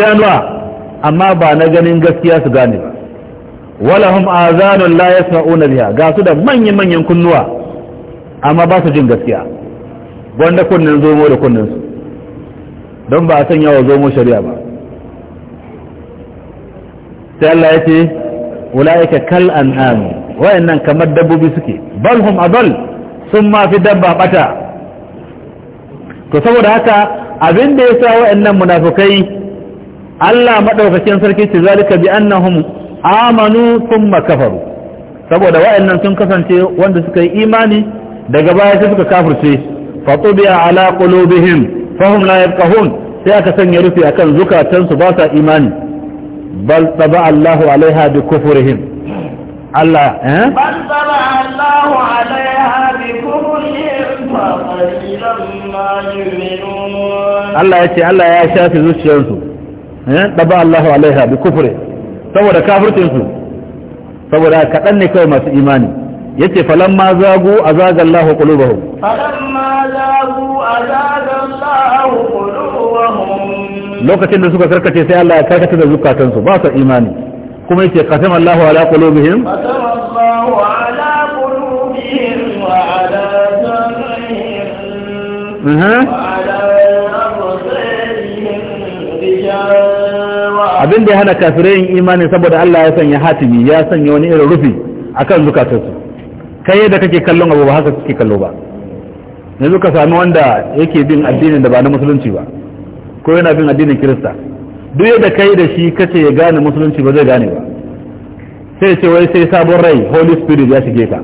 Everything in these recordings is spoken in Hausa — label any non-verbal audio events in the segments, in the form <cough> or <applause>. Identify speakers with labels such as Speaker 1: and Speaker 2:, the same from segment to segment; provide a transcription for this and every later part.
Speaker 1: idanuwa amma ba na ganin gaskiya su gane ba hum azanun la yasma'una biha ga su da manyan manyan kunnuwa amma ba su jin gaskiya wanda kunnen zomo da kunnen su don ba a sanya wa zomo shari'a ba sai Allah ya ce ulaika kal an'am wayannan kamar dabbobi suke balhum adall sun ma fi dabba bata to saboda haka abin da ya sa wayannan munafikai Allah madaukakin sarki ce zalika bi annahum amanu thumma kafaru saboda wayannan sun kasance wanda suka yi imani daga baya sai suka kafirce fatubiya ala qulubihim fahum la yafqahun sai aka sanya rufi akan zukatansu ba sa imani bal taba Allahu alaiha bi kufrihim Allah eh bal
Speaker 2: taba Allahu alaiha bi kufrihim fa qalilan ma yu'minun Allah yace Allah ya shafi
Speaker 1: zuciyarsu ɗaba eh? Allahu alaiha bi kufure saboda kafircinsu saboda kaɗan ne kawai masu imani yace falan ma zagu a zagar lahu bahu. lokacin da suka karkace sai Allah ya karkace da zukatansu ba su imani kuma yace qasama Allahu ala qulubihim qasama
Speaker 2: Allahu ala qulubihim wa abin da ya
Speaker 1: hana kafirai yin imani saboda Allah ya sanya hatimi ya sanya wani irin rufi akan zukatarsu kai yadda kake kallon abu ba haka suke kallo ba yanzu ka sami wanda yake bin addinin da ba na musulunci ba ko yana bin addinin kirista duk yadda kai da shi kace ya gane musulunci ba zai gane ba sai ce wai sai sabon rai holy spirit ya shige ka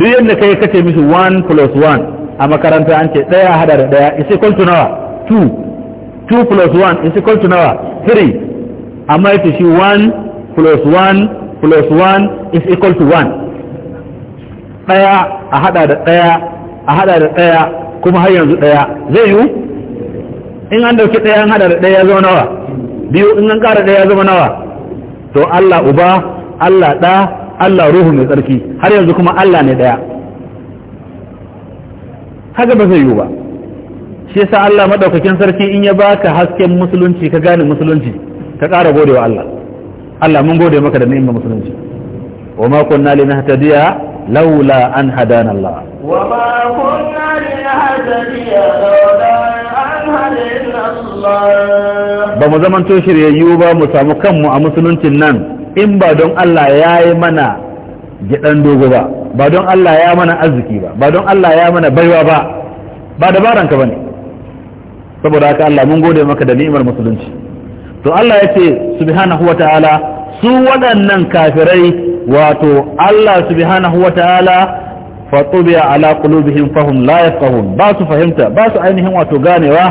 Speaker 1: duk yadda kai kace mishi 1 plus 1 a makaranta an ce daya hada da daya is equal nawa 2 2 plus 1 is equal to nawa 3 amma yace shi 1 plus 1 plus 1 is equal to 1 daya a hada da daya a hada da daya kuma har yanzu daya zai yi in an dauki daya an hada da daya zama nawa biyu in an kara daya zama nawa to Allah uba Allah da Allah ruhu mai tsarki har yanzu kuma Allah ne daya haka ba zai yi ba shi yasa Allah madaukakin sarki in ya baka hasken musulunci ka gane musulunci ka ƙara godewa wa Allah Allah mun gode maka da ni'imar musulunci wa ma kunna nahtadiya laula an hadana Allah
Speaker 2: wa ma kunna nahtadiya laula an hadana Allah
Speaker 1: ba mu zaman to shiryayyu ba mu samu kanmu a musuluncin nan in ba don Allah ya yi mana gidan dogo ba ba don Allah ya mana arziki ba ba don Allah ya mana baiwa ba ba dabaranka bane saboda haka Allah mun gode maka da ni'imar musulunci to Allah ya ce subhanahu ta'ala su waɗannan kafirai wato Allah subhanahu wata'ala fatubiya ala qulubihim fahum la yafqahun ba su fahimta ba su ainihin wato ganewa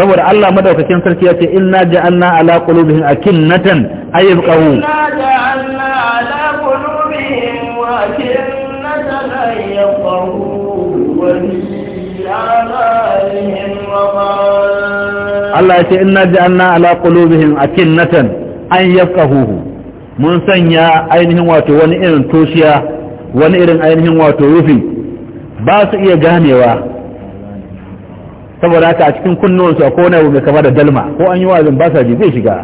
Speaker 1: saboda Allah madaukakin sarki ya ce inna ja'alna ala qulubihim akinnatan ayyabqahu inna
Speaker 2: ja'alna ala qulubihim wa akinnatan ayyabqahu wa bi ala wa
Speaker 1: Allah ya ce inna ja'alna ala qulubihim akinnatan an yafqahuhu mun sanya ainihin wato wani irin toshiya wani irin ainihin wato rufi ba su iya ganewa saboda haka a cikin kunnuwansu akwai wani abu mai kama da dalma ko an yi wa'azin ba sa ji zai shiga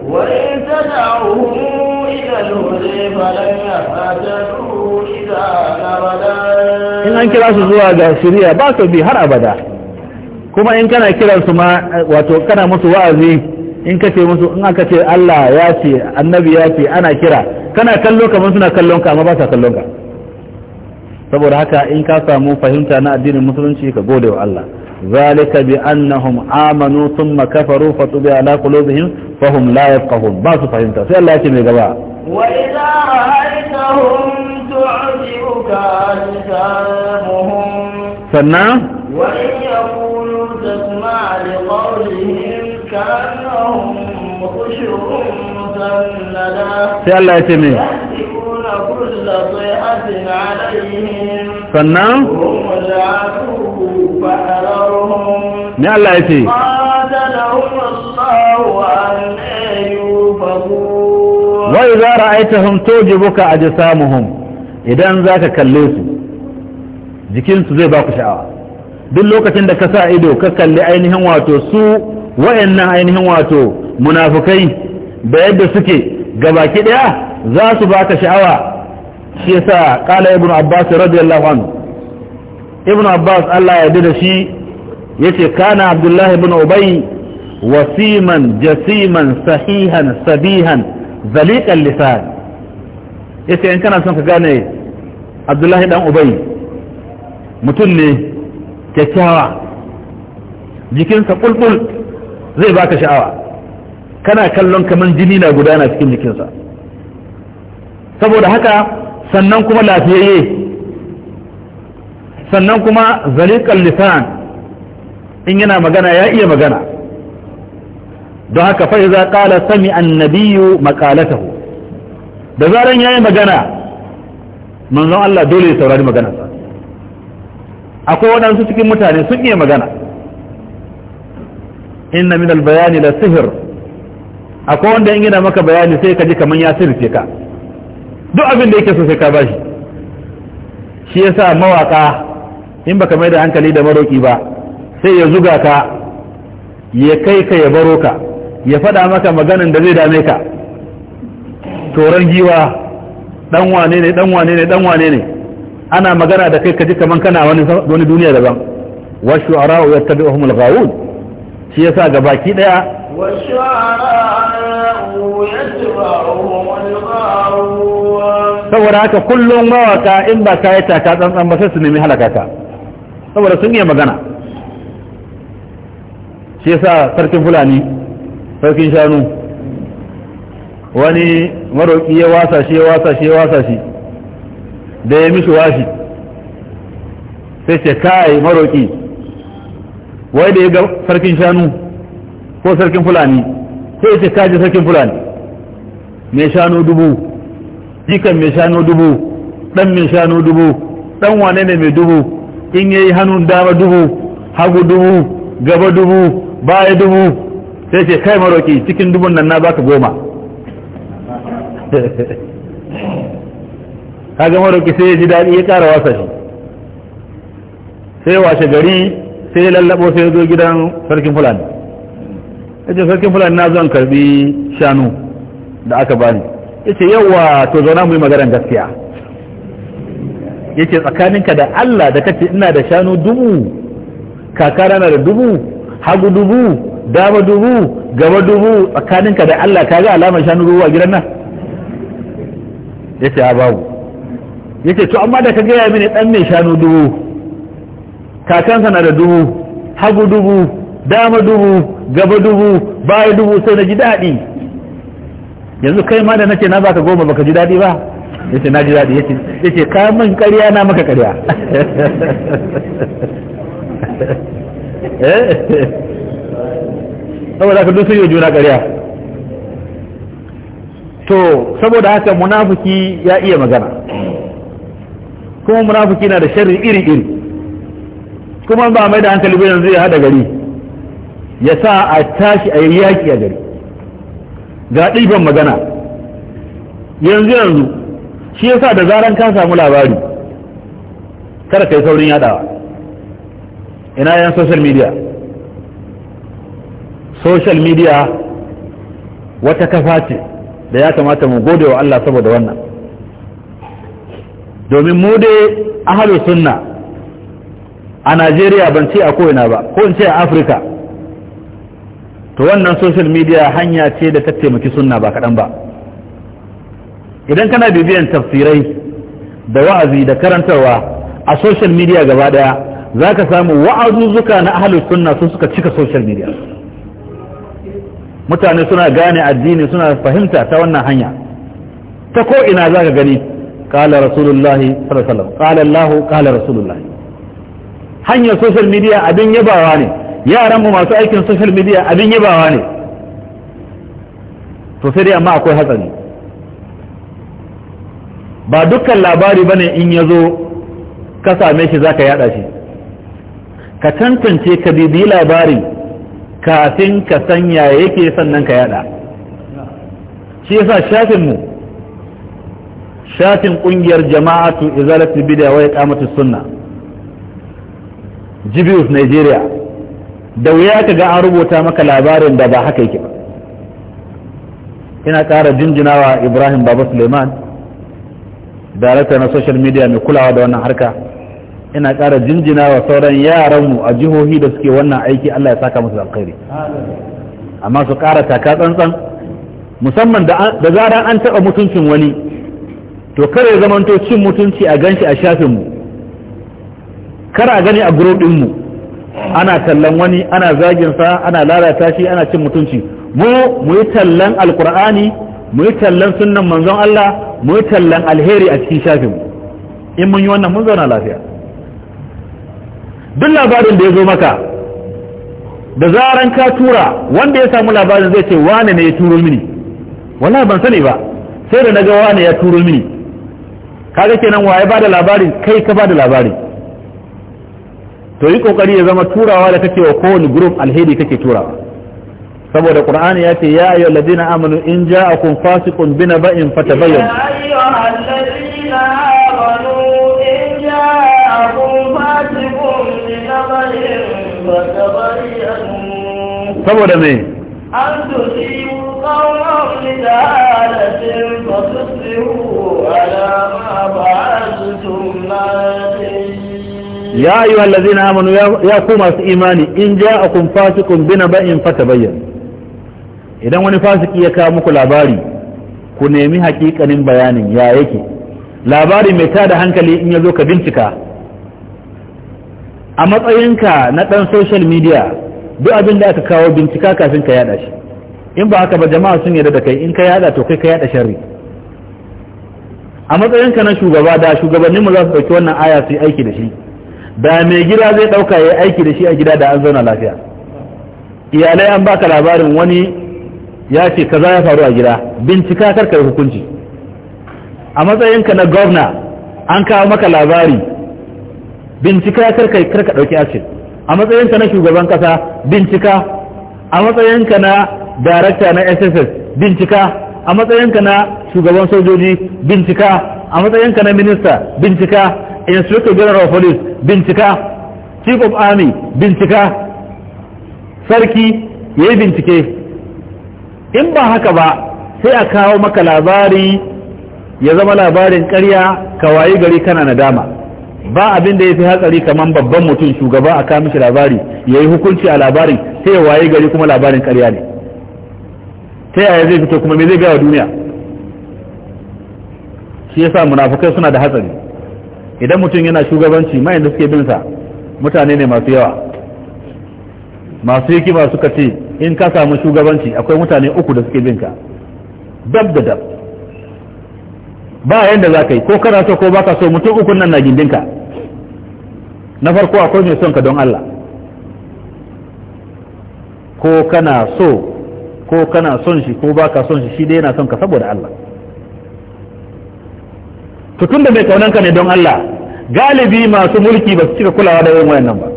Speaker 1: in an kira su zuwa ga shirya ba su bi har abada kuma in kana kiransu ma wato kana musu wa'azi in kace musu in aka ce Allah ya ce annabi ya ce ana kira kana kallo kamar suna kallon ka amma ba sa kallon ka saboda haka in ka samu fahimta na addinin musulunci ka gode wa Allah zalika bi annahum amanu thumma kafaru fa tubi ala qulubihim fa hum la yafqahun ba su fahimta sai Allah ya ce mai gaba
Speaker 2: wa idza ra'aytahum tu'jibuka lisanuhum فالناس وإن يقولوا تسمع لقولهم كأنهم خشب مسندا في الله يسمي كل صيحة عليهم فالناس هم العدو فحررهم من الله يسمي قاتلهم الله أن يوفقوا
Speaker 1: وإذا رأيتهم توجبك أجسامهم إذا ذاك كالليسي jikinsu zai ba ku sha'awa duk lokacin da ka sa ido ka kalli ainihin wato su wayannan ainihin wato munafukai da yadda suke gabaki daya za su baka sha'awa shi yasa kala ibnu abbas radiyallahu anhu ibnu abbas Allah ya da shi yace kana abdullah ibn ubay wasiman jasiman sahihan sabihan zaliqal lisan yace in kana son ka gane abdullah dan ubay mutum ne kyakkyawa jikinsa bulbul zai baka sha'awa kana kallon kamar jini na gudana cikin jikinsa saboda haka sannan kuma lafiyayye sannan kuma zalikan lisan in yana magana ya iya magana don haka fai za ƙala sami annabiyu maƙalatahu da ya yi magana manzon Allah dole ya saurari maganarsa akwai waɗansu cikin mutane sun iya magana inna min albayani la sihir akwai wanda in yana maka bayani sai ka ji kaman ya ce ka duk abin da yake so sai ka bashi shi yasa mawaka in baka mai da hankali da maroki ba sai ya zuga ka ya kai ka ya baro ka ya faɗa maka maganin da zai dame ka toron giwa ɗan wane ne ɗan wane ne dan wane ne ana magana da kai ka ji kaman kana wani wani duniya daban wa shu'ara wa yattabi'uhum al-ghawun shi yasa ga baki daya
Speaker 2: wa shu'ara saboda haka
Speaker 1: kullum mawaka in ba ka yi taka tsantsan ba sai su nemi halaka ka saboda sun iya magana shi yasa sarkin fulani sarkin shanu wani maroki ya wasa shi ya wasa shi ya wasa shi da ya mishi washi sai ce kai maroki wai da ya ga sarkin shanu ko sarkin fulani sai ce kaji sarkin fulani mai shanu dubu jikan mai shanu dubu dan mai shanu dubu dan wane ne mai dubu in yayi hannun dama dubu hagu dubu gaba dubu baya dubu sai ce kai maroki cikin dubun nan na baka goma <laughs> kaga maroki sai ya ji daɗi ya ƙara wasa shi sai washe gari sai ya lallabo sai ya zo gidan sarkin fulani ya ce sarkin fulani na zan karbi shanu da aka bani ya ce yawa to zauna mu yi maganar gaskiya ya ce tsakaninka da Allah da kace ina da shanu dubu kakana na da dubu hagu dubu dama dubu gaba dubu tsakaninka da Allah ka ga alamar shanu ruwa gidan nan ya ce a babu ce to amma da ka gaya mini dan mai shanu dubu kakansa na da dubu hagu dubu dama dubu gaba dubu baya dubu sai na ji daɗi yanzu kai ma da nake na baka goma baka ji daɗi ba yace na ji daɗi yace ka min ƙarya na maka ƙarya <laughs> saboda ka dusu yi juna ƙarya to saboda haka munafiki ya iya magana kuma munafiki na da sharri iri iri kuma ba mai da hankali bai yanzu hada gari ya sa a tashi a yi yaki a gari ga ɗiban magana yanzu yanzu shi yasa da zaran ka samu labari kada kai saurin yadawa ina yan social media social media wata kafa ce da ya kamata mu gode wa Allah saboda wannan domin mu dai ahalu sunna a najeriya ban ce a ko'ina ba ko in ce a afirka to wannan social media hanya ce da ta taimaki sunna ba kaɗan ba idan kana bibiyan tafsirai da wa'azi da karantarwa a social media gaba daya za ka samu wa'azuzzuka na ahalu sunna sun suka cika social media mutane suna gane addini suna fahimta ta wannan hanya ta ko ina za ka gani qala rasulullahi sallallahu alaihi قال الله قال رسول الله hanyar social media abin yabawa ne yaran mu masu aikin social media abin yabawa ne to sai dai amma akwai hatsari ba dukkan labari bane in yazo ka same shi zaka yada shi ka tantance ka bibiyi labari kafin ka sanya yake sannan ka yada shi yasa shafinmu Shafin kungiyar jama'atu izalatu bid'a wa iqamatu sunna jibius nigeria da wuya ka ga an rubuta maka labarin da ba haka yake ba ina ƙara jinjinawa ibrahim baba suleiman darakta na social media mai kulawa da wannan harka ina ƙara jinjinawa sauran yaranmu a jihohi da suke wannan aiki allah ya saka musu alkhairi amma su ƙara taka tsantsan musamman da zaran an taɓa mutuncin wani to kare zamanto cin mutunci a ganshi a shafinmu kar a gani a mu ana tallan wani ana zaginsa ana lalata shi ana cin mutunci mu mu yi tallan alkur'ani mu yi tallan sunnan manzon Allah mu yi tallan alheri a cikin shafinmu in mun yi wannan mun zauna lafiya duk labarin da ya zo maka da zaran ka tura wanda ya samu labarin zai ce wane ne ya turo mini wala ban sani ba sai da naga wane ya turo mini kaga kenan waye ba da labarin kai ka ba da labarin to yi kokari ya zama turawa da kake wa kowane group alheri kake turawa saboda qur'ani ya ce ya ayyuhal ladina amanu in ja'akum fasiqun binaba'in fatabayyanu ya ayyuhal ladina amanu in ja'akum fasiqun binaba'in
Speaker 2: fatabayyanu saboda me an tusi Ya قتالة فتصبحوا
Speaker 1: Amanu ya فعلتم masu imani in الذين آمنوا يا كوما إيماني idan wani fasiki ya kawo muku labari ku nemi haƙiƙanin bayanin ya yake labari mai tada hankali in ya zo ka bincika a matsayinka na ɗan social media duk abin da aka kawo bincika kafin ka yada shi in ba haka ba jama'a sun yarda da kai in ka yada to kai ka yada sharri a matsayinka na shugaba da shugabannin mu za su dauki wannan aya su yi aiki da shi da mai gida zai dauka yayi aiki da shi a gida da an zauna lafiya iyalai an baka labarin wani ya ce kaza ya faru a gida bincika kar kai hukunci a matsayinka na gwamna an kawo maka labari bincika kar kai kar ka dauki asir. a matsayinka na shugaban kasa bincika a matsayinka na darakta na sss bincika a matsayinka na shugaban sojoji bincika a matsayinka na minista bincika inspector general of police bincika chief of army bincika sarki ya yi bincike in ba haka ba sai a kawo maka labari ya zama labarin karya ka wayi gari kana nadama ba abin da ya fi hatsari kamar babban mutum shugaba a kawo mishi labari ya yi hukunci a labarin sai ya wayi gari kuma labarin karya ne ta yaya zai fito kuma me zai gawa duniya shi yasa munafukai suna da hatsari idan mutum yana shugabanci mayan da suke binsa mutane ne masu yawa masu hikima suka ce in ka samu shugabanci akwai mutane uku da suke binka dab da dab ba yanda za ka yi ko kana so ko baka so mutum uku nan na gindinka na farko akwai mai son ka don Allah ko kana so ko kana son shi ko baka son shi shi dai yana son ka saboda Allah to tunda mai kaunan ka ne don Allah galibi masu mulki ba su cika kulawa da yin wayannan ba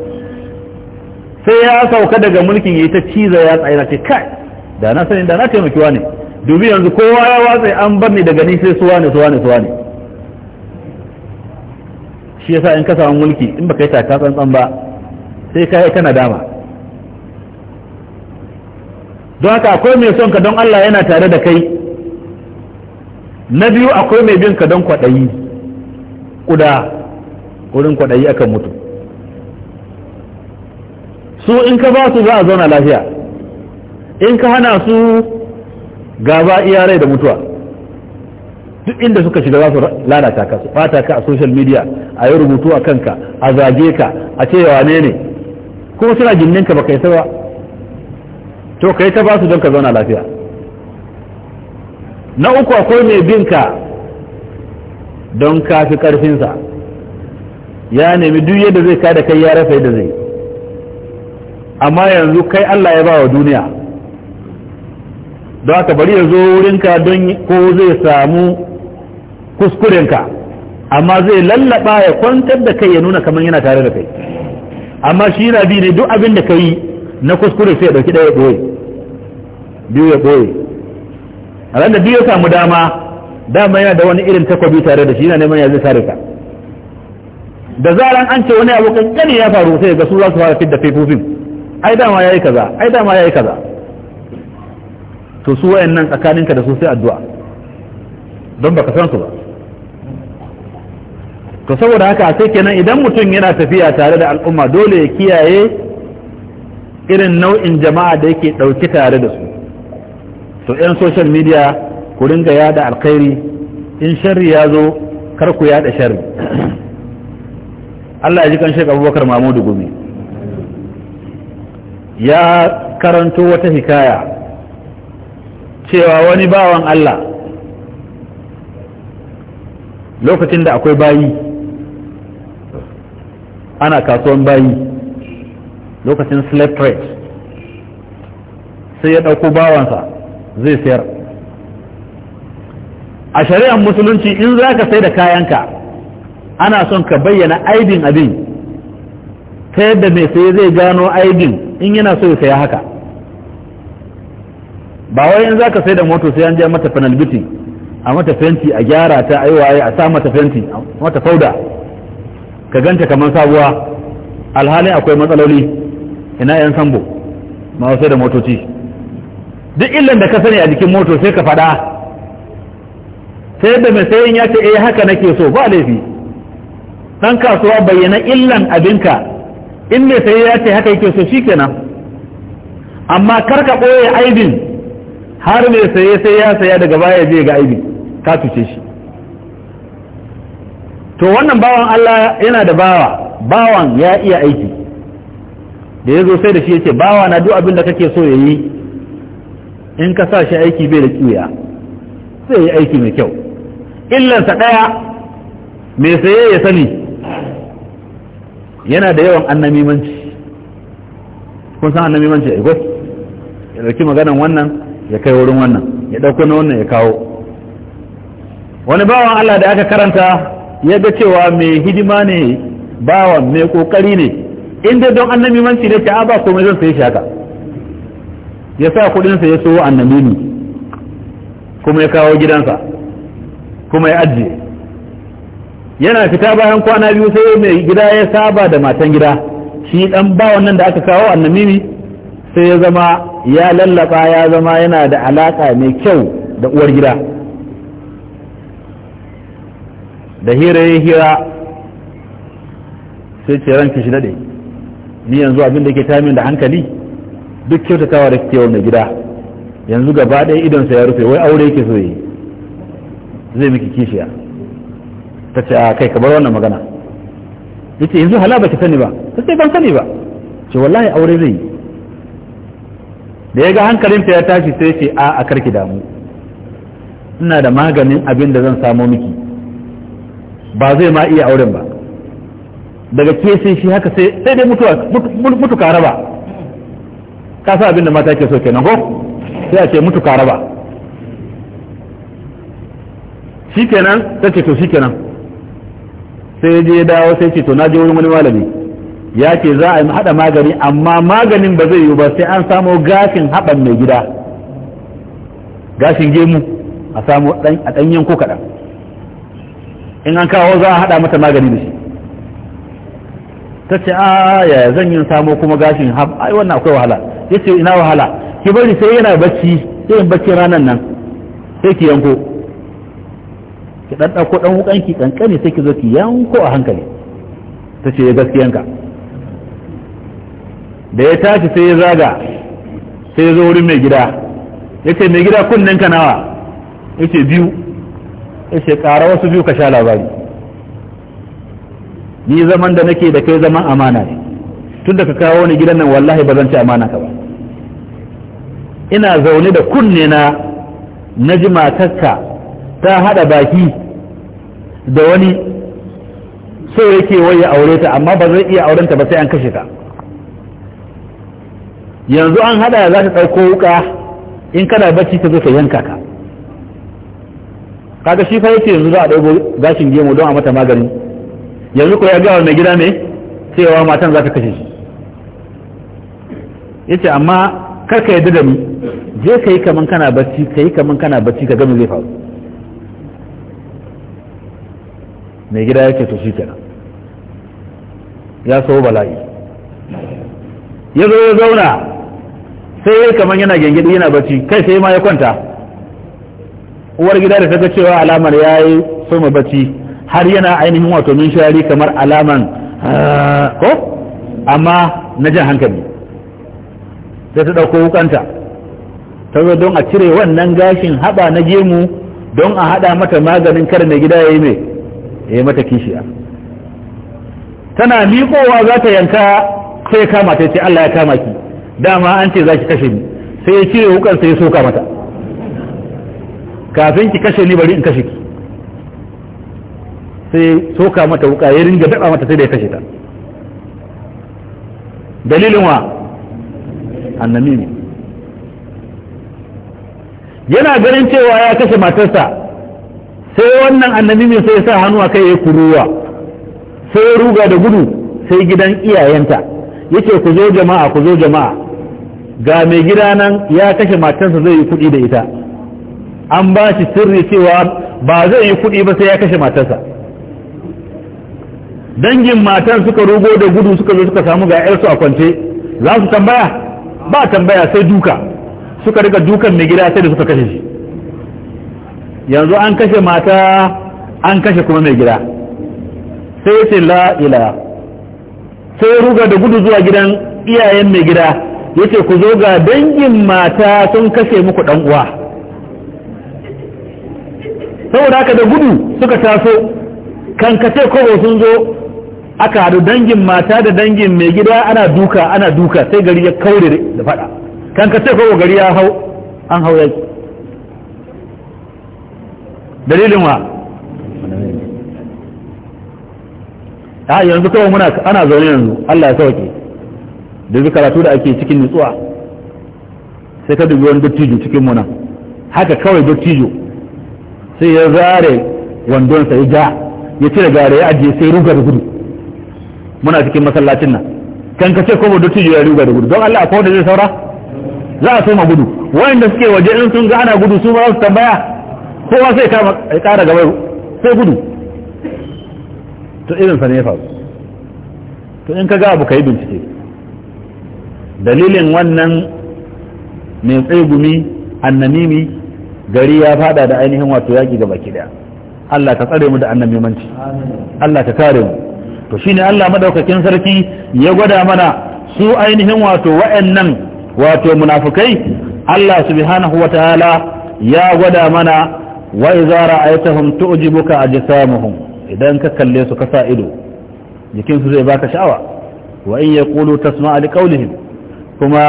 Speaker 1: sai ya sauka daga mulkin yayi ta ciza ya tsaya ce kai da na sani da na taimaki wani dubi yanzu kowa ya watsa an bar ni daga ni sai su ne su ne su shi yasa in ka samu mulki in baka yi taka tsantsan ba sai ka yi kana dama don haka akwai mai son ka don Allah yana tare da kai na biyu akwai mai bin ka don kwaɗayi kuda wurin kwaɗayi akan mutu su in ka ba su za a zauna lafiya in ka hana su gaba iya rai da mutuwa duk inda suka shiga za su lalata ka su bata ka a social media a yi rubutu a kanka a zage ka a ce ne ne kuma suna jinninka ba kai sawa to kai ta basu don ka zauna lafiya na uku akwai mai binka don ka fi karfinsa ya nemi duk yadda zai kada kai ya rasa yadda zai amma yanzu kai Allah ya ba wa duniya don haka bari ya zo wurinka don ko zai samu kuskurenka amma zai lallaba ya kwantar da kai ya nuna kamar yana tare da kai amma shi yana bi ne duk abin da ka yi na kuskure sai ya ɗauki ɗaya ya ɓoye biyu ya ɓoye a da biyu ya samu dama dama yana da wani irin takobi tare da shi yana neman ya zai sare ka da zaran an ce wani abu kankani ya faru sai ga su za su fara fidda faifofin ai dama ya yi kaza ai dama ya yi kaza to su wayan nan tsakaninka da su sai addu'a don baka san su ba to saboda haka sai kenan idan mutum yana tafiya tare da al'umma dole ya kiyaye irin nau'in jama'a da yake ɗauki tare da su to 'yan social media ku ringa yada alkhairi in sharri ya zo kar ku yada sharri Allah ya ji kan Sheikh Abubakar Mahmudu Gumi ya karanto wata hikaya cewa wani bawan Allah lokacin da akwai bayi ana kasuwan bayi lokacin slave trade sai ya ɗauko bawansa zai sayar a shari'ar musulunci in za ka sai da kayanka ana son ka bayyana aibin abin ta yadda mai sai zai gano aibin in yana so ya saya haka ba wai in za ka sai da moto sai an je mata penalty a mata fenti a gyara ta aiwaye a sa mata fenti a mata fauda ka ganta kamar sabuwa alhalin akwai matsaloli ina yan sambo ma wasu da motoci duk illan da ka sani a jikin moto sai ka faɗa sai da mai sayan ya ce eh haka nake so ba laifi dan kasuwa bayyana illan abinka in mai sayi ya ce haka yake so shikenan amma kar ka ɓoye aibin har mai saye sai ya saya daga baya je ga aibin ka tuce shi to wannan bawan Allah yana da bawa bawan ya iya aiki da ya zo sai da shi ya ce bawa na duk abin da kake so ya yi in ka sa shi aiki bai da kiya sai yi aiki mai kyau illansa ɗaya mai saye ya sani yana da yawan annamimanci kun san annamimanci ya ya ɗauki maganan wannan ya kai wurin wannan ya ɗauko na wannan ya kawo wani bawan Allah da aka karanta ya ga cewa mai hidima ne bawan mai kokari ne in dai don annabi manci da ah, ta ba komai zan sai shi haka ya sa kudin ya so annabi ne kuma ya kawo gidansa kuma ya ajiye yana fita bayan kwana biyu sai mai gida ya saba da matan gida shi dan ba wannan da aka kawo annabi sai ya zama ya lallaba ya zama yana da alaka mai kyau da uwar gida da hira ya hira sai ce ranki shi dade ni yanzu abin da ke tamin da hankali duk kyauta kyautatawa da ke mai gida yanzu gaba ɗaya idon sa ya rufe wai aure yake so yi zai miki kishiya ta ce a kai ka bar wannan magana ya ce yanzu hala ba ki sani ba ta ce ban sani ba ce wallahi aure zai yi da ya ga hankalin ta ya tashi sai ce a a karki damu ina da maganin abin da zan samo miki ba zai ma iya auren ba daga kesin shi haka sai sai dai mutuwa mutu karaba ka sa abin da mata ke so kenan ko sai a ce mutu karaba shi kenan sai ce to shi kenan sai je dawo sai ce to na je wurin wani malami ya ce za a yi hada magani amma maganin ba zai yi ba sai an samo gashin haɓan mai gida gashin gemu a samu a ɗanyen ko kaɗan in an kawo za a haɗa mata magani da shi ta ce a ah, ya zan yin samo kuma gashin hab ai wannan akwai wahala ya ce ina wahala ki bari sai yana bacci sai yin bacci ranar nan sai ki yanko ki dan dauko dan wukan ki kankane sai ki zo ki yanko a hankali ta ce ya eh, gaskiyanka da ya tashi sai ya zaga sai ya zo wurin mai gida ya ce mai gida kunnen ka nawa ya ce biyu ya ce kara wasu biyu ka sha labari ni zaman da nake da kai zaman amana ne tun da ka kawo ni gidan nan wallahi ba zan ci amana ka ba ina zaune da kunne na na ji matarka ta hada baki da wani so yake waye aure ta amma ba zai iya aurenta ba sai an kashe ta yanzu an hada za ta ɗauko wuka in kana bacci ka zo ta yanka ka kaga shi fa yake yanzu za a ɗauko gashin gemu don a mata magani. yanzu ko ya wa mai gida ne cewa matan za ta kashe shi yace amma kar ka yadda da ni, je ka yi kaman kana bacci ka yi kaman kana bacci ka gami zai faru mai gida yake to shi kenan ya so bala'i ya zo ya zauna sai ya kaman yana gengidi yana bacci kai sai ma ya kwanta uwar gida da ta ga cewa alamar ya yi so bacci har yana ainihin wato min shari kamar alaman ah, ko amma na jan hankali sai ta ɗauko wukanta ta zo don a cire wannan gashin haɓa na gemu don a haɗa mata maganin kar na gida ya yi mai ya mata kishiya tana miƙowa za ta yanka sai kama ta ce Allah ya kama ki dama an ce za ki kashe ni sai ya cire wukan sai ya soka mata kafin ki kashe ni bari in kashe ki sai soka mata wuka ya ringa daɗa mata sai da ya kashe ta dalilin wa annamimi yana ganin cewa ya kashe matarsa sai wannan annamimi sai ya sa hannu kai ya kuruwa sai ya ruga da gudu sai gidan iyayenta yake ku zo jama'a ku zo jama'a ga mai gida nan ya kashe matarsa zai yi kuɗi da ita an ba shi sirri cewa ba zai yi kuɗi ba sai ya kashe matarsa dangin matan suka rugo da gudu suka zo suka samu ga yarsu a kwance za su tambaya ba tambaya sai duka suka rika dukan mai gida sai da suka kashe shi yanzu an kashe mata an kashe kuma mai gida sai ya ce la sai ya ruga da gudu zuwa gidan iyayen mai gida ya ce ku zo ga dangin mata sun kashe muku dan uwa saboda haka da gudu suka taso kan ka ce kobo sun zo aka haɗu dangin mata da dangin mai gida ana duka ana duka sai gari ya kaure da faɗa kan ka ce kobo gari ya hau an hau yaki dalilin wa a yanzu kawai muna ana zaune yanzu Allah ya sauke da zuka karatu da ake cikin nutsuwa sai ka dubi wani dattijo cikin muna haka kawai dattijo sai ya zare wandonsa ya ja ya cire gare ya ajiye sai ruga da gudu muna cikin masallacin nan kan ka ce ko da tuju ya ruga da gudu don Allah akwai wanda zai saura za a soma gudu wayanda suke waje in sun ga ana gudu su ba su tambaya kowa sai kama ya kara gaba sai gudu to irin sa ne ya faru to in ka ga abu kai bincike dalilin wannan mai tsegumi annamimi gari ya fada da ainihin wato yaki gaba ki daya Allah ka tsare mu da annan mimanci Allah ka kare mu to shine Allah madaukakin sarki ya gwada mana su ainihin wato wa'annan wato munafukai. Allah subhanahu wataala ya gwada mana wa idza ra'aytahum tu'jibuka ajsamuhum idan ka kalle su ka sa ido Jikinsu zai baka sha'awa wa in yaqulu tasma'a liqawlihim kuma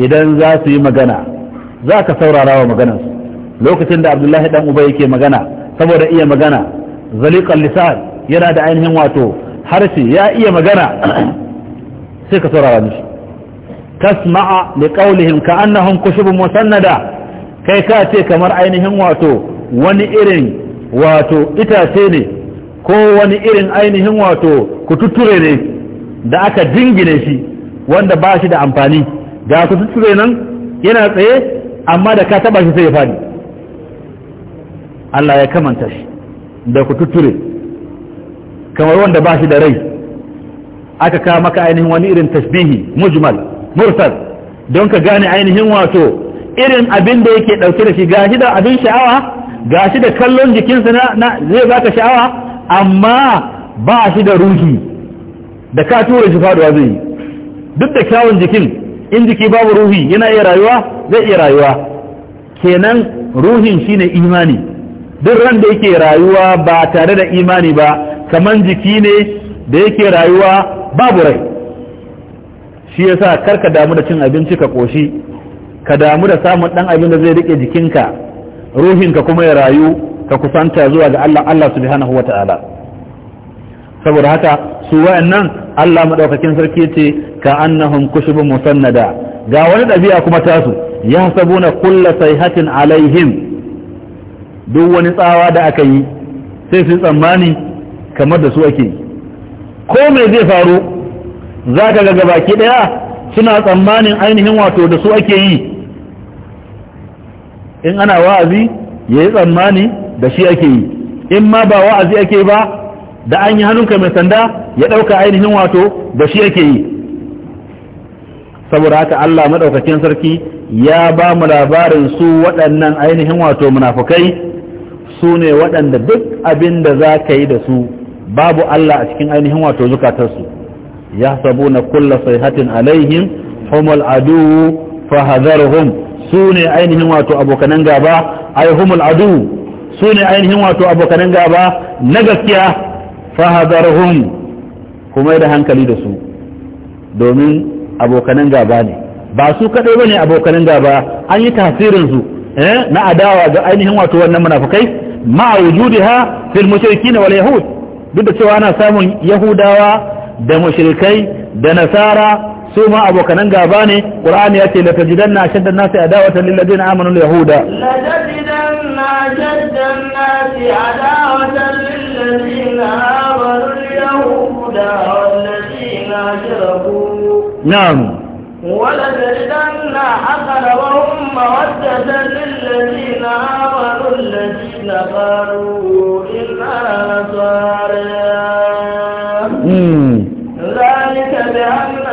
Speaker 1: idan za su yi magana za ka saurara wa maganarsu lokacin da abdullahi dan uba yake magana saboda iya magana zaliqal lisan yana da ainihin wato harshe ya iya magana <clears throat> sai ka saurara mishi tasma'a li qawlihim annahum kushubun musannada kai ka ce kamar ainihin wato wani irin wato itace ne ko wani irin ainihin wato kututture ne da aka dingine shi wanda ba shi da amfani ga kututture nan yana tsaye amma da ka taba shi sai ya fadi Allah ya kamanta shi da ku tuture kamar wanda ba shi da rai aka kawo maka ainihin wani irin tasbihi mujmal mursal don ka gane ainihin wato irin abin da yake dauke da shi gashi da abin sha'awa gashi da kallon jikinsa na zai baka sha'awa amma ba shi da ruhi da ka tura shi faduwa zai yi duk da kyawun jikin in jiki babu ruhi yana iya rayuwa zai iya rayuwa kenan ruhin shine imani duk ran da yake rayuwa ba tare da imani ba kaman jiki ne da yake rayuwa babu rai shi yasa karka damu da cin abinci ka koshi ka damu da samun dan abin da zai rike jikinka ruhinka kuma ya rayu ka kusanta zuwa ga Allah Allah subhanahu wata'ala saboda haka su wa'annan Allah madaukakin sarki ce ka annahum kushubun musannada ga wani dabi'a kuma tasu ya sabuna kullu sayhatin alaihim duk wani tsawa da aka yi sai su tsammani kamar da su ake ko mai zai faru za ka ga baki daya suna tsammanin ainihin wato da su ake yi in ana wa'azi ya yi tsammani da shi ake yi in ma ba wa'azi ake ba da an yi hannunka mai sanda ya ɗauka ainihin wato da shi ake yi saboda haka Allah maɗaukakin sarki ya ba mu labarin su waɗannan ainihin wato munafukai su ne waɗanda duk abin da za ka yi da su babu Allah a cikin ainihin wato zukatarsu ya sabu na kulla hatin alaihim humul adu fahazarhum su ne ainihin wato abokanan gaba ai humul adu su ne ainihin wato abokanan gaba na gaskiya fahazarhum kuma da hankali da su domin abokanan gaba ne ba su kaɗai ba ne abokanan gaba an yi tasirinsu Eh, na adawa ga ainihin wato wannan munafikai ma wujudiha fil mushrikin wal yahud duk da cewa ana samun yahudawa da mushrikai da nasara su ma abokanan gaba ne qur'ani yace la tajidanna ashadda an-nasi adawatan lil ladina amanu al yahuda
Speaker 2: la tajidanna ashadda an-nasi adawatan lil ladina amanu al yahuda wal ladina ashraku
Speaker 3: na'am
Speaker 1: ولتجدن أقربهم مودة للذين آمنوا الذين
Speaker 2: قالوا إنا نصارى ذلك بأن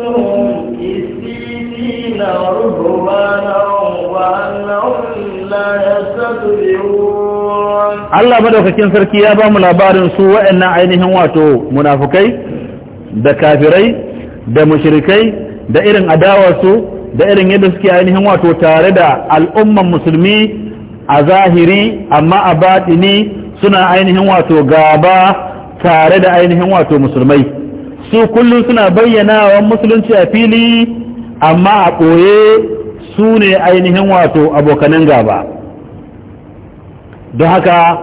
Speaker 2: منهم كسيسين ورهبانا وأنهم لا يستطيعون الله
Speaker 1: madaukakin sarki ya ba mu labarin su wa'annan ainihin wato munafukai da kafirai da mushrikai da irin adawarsu da irin yadda suke ainihin wato tare da al'umman musulmi a zahiri amma a batini suna ainihin wato gaba tare da ainihin wato musulmai su kullum suna bayyana wa musulunci a fili amma a ɓoye su ne ainihin wato abokanan gaba don haka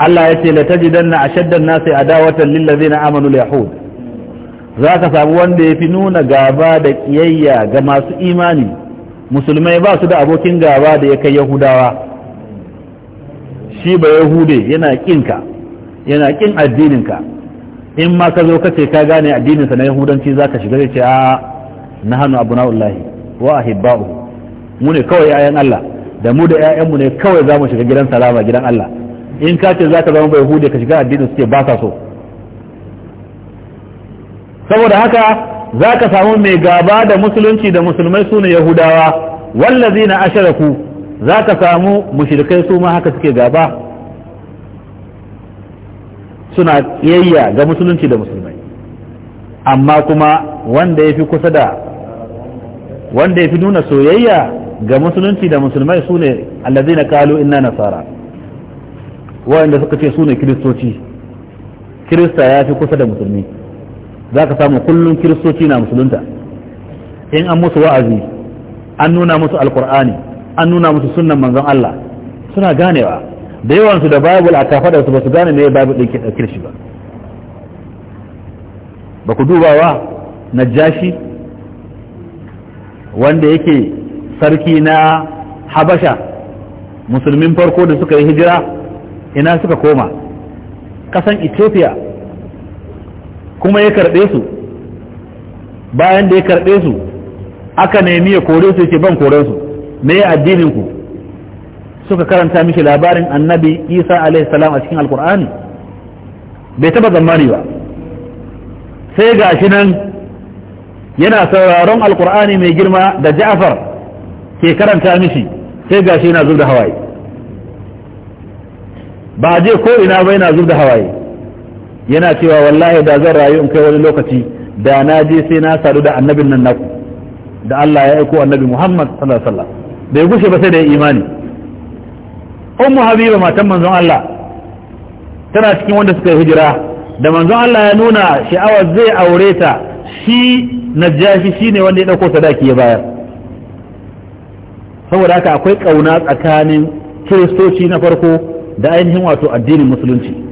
Speaker 1: Allah ya ce la ashaddan nasi adawatan lil ladzina amanu al za ka samu wanda ya fi nuna gaba da ƙiyayya ga masu imani musulmai ba su da abokin gaba da ya kai yahudawa shi ba yahude yana ka yana kin addininka in ma ka zo ka ce ka gane addininsa na yahudanci za ka shiga da ce a na hannu abu na'ullahi wa a hibba'u mu ne kawai 'ya'yan Allah da mu da 'ya'yanmu ne kawai za mu shiga gidan salama gidan Allah in ka ce za ka zama ba yahude ka shiga addinin suke ba ka so saboda haka za ka samu mai gaba da musulunci da musulmai su ne yahudawa wallazi na asharaku za ka samu mushrikai su ma haka suke gaba suna yayya ga musulunci da musulmai amma kuma wanda ya fi kusa da wanda ya fi nuna soyayya ga musulunci da musulmai su ne allazi na kalu inna nasara wa'anda suka ce su ne kiristoci kirista ya fi kusa da musulmi za ka samu kullum kiristoci na musulunta in an musu wa'azi an nuna musu alkur'ani an nuna musu sunan manzon Allah suna ganewa da yawansu da bible a kafadar su ba su gane me bible din ke ba ba ku dubawa najashi wanda yake sarki na habasha musulmin farko da suka yi hijira ina suka koma kasan ethiopia kuma ya karɓe su bayan da ya karɓe su aka nemi ya kore su ce ban kore su me ya addinin ku suka karanta mishi labarin annabi isa alaihi salam a cikin alkur'ani bai taba zamani ba sai ga shi nan yana sauraron alkur'ani mai girma da ja'afar ke karanta mishi sai ga shi yana zub da hawaye ba a je ko ina ba yana zub da hawaye yana cewa wallahi da zan rayu in kai wani lokaci da na je sai na sadu da annabin nan naku da Allah ya aiko annabi Muhammad sallallahu alaihi wasallam bai gushe ba sai da imani ummu habiba matan manzon Allah tana cikin wanda suka hijira da manzon Allah ya nuna sha'awar zai aure ta shi najashi shine wanda ya dauko sadaki ya bayar saboda haka akwai kauna tsakanin kiristoci na farko da ainihin wato addinin musulunci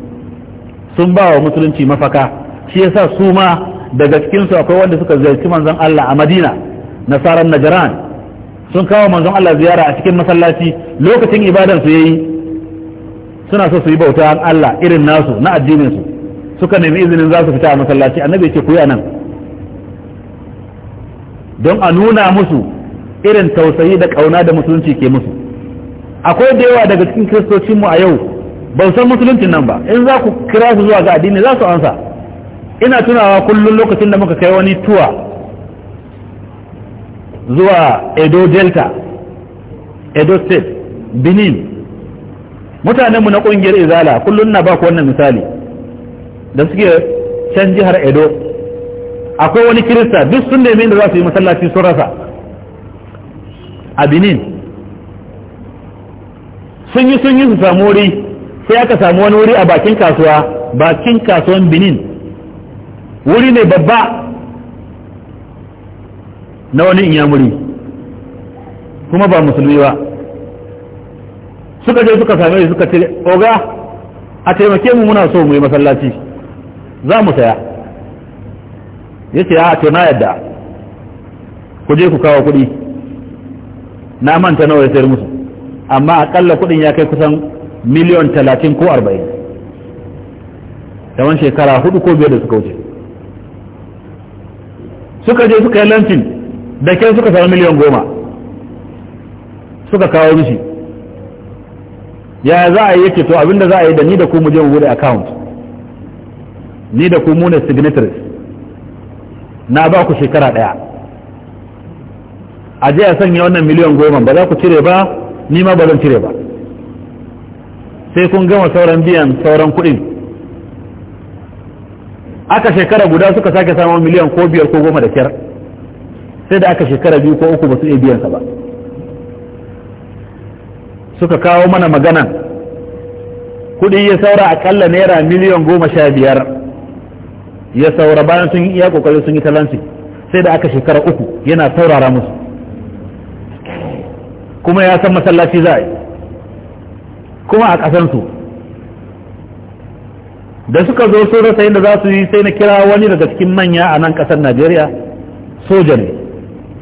Speaker 1: sun ba wa musulunci mafaka shi yasa su ma daga cikinsu akwai wanda suka ziyarci manzon Allah a Madina nasaran Najran sun kawo manzon Allah ziyara a cikin masallaci lokacin ibadan su yayi suna so su yi bauta an Allah irin nasu na addinin su suka nemi izinin za su fita a masallaci annabi ce ku yi anan don a nuna musu irin tausayi da kauna da musulunci ke musu akwai da yawa daga cikin mu a yau ban san musuluncin nan ba in za ku kira su zuwa ga addini za su ansa ina tunawa kullum lokacin da muka kai wani tuwa zuwa edo delta edo state benin mutanenmu na kungiyar izala kullum na ba ku wannan misali da suke can jihar edo akwai wani kirista duk sun nemi da za su yi masallaci sun rasa a benin sun yi sun yi su samu wuri sai aka samu wani wuri a bakin kasuwa bakin kasuwan benin wuri ne babba na wani inyamuri kuma ba musulmi ba suka je suka same shi suka ce oga a taimake mu muna so mu yi masallaci za mu saya ya ce a to na yadda ku je ku kawo kuɗi na manta nawa ya sayar musu amma akalla kuɗin ya kai kusan miliyon talatin ko arba'in tsawon shekara hudu ko biyar da suka wuce suka je suka yi lantin da ke suka sami miliyan goma suka kawo mishi ya za a yi yake to abinda za a yi da ni da ku mu je mu bude account ni da ku mu ne signatories na ba ku shekara daya a je a sanya wannan miliyan goma ba za ku cire ba ni ma ba zan cire ba sai kun gama sauran biyan sauran kuɗin aka shekara guda suka sake samun miliyan ko biyar ko goma da kyar sai da aka shekara biyu ko uku ba su iya biyansa ba suka kawo mana magana kuɗi ya saura akalla naira miliyan goma sha biyar ya saura bayan sun iya kokari sun yi talanci sai da aka shekara uku yana saurara musu kuma ya san masallaci za a yi kuma a ƙasansu da suka zo su rasa yadda za su yi sai na kira wani daga cikin manya a nan ƙasar najeriya soja ne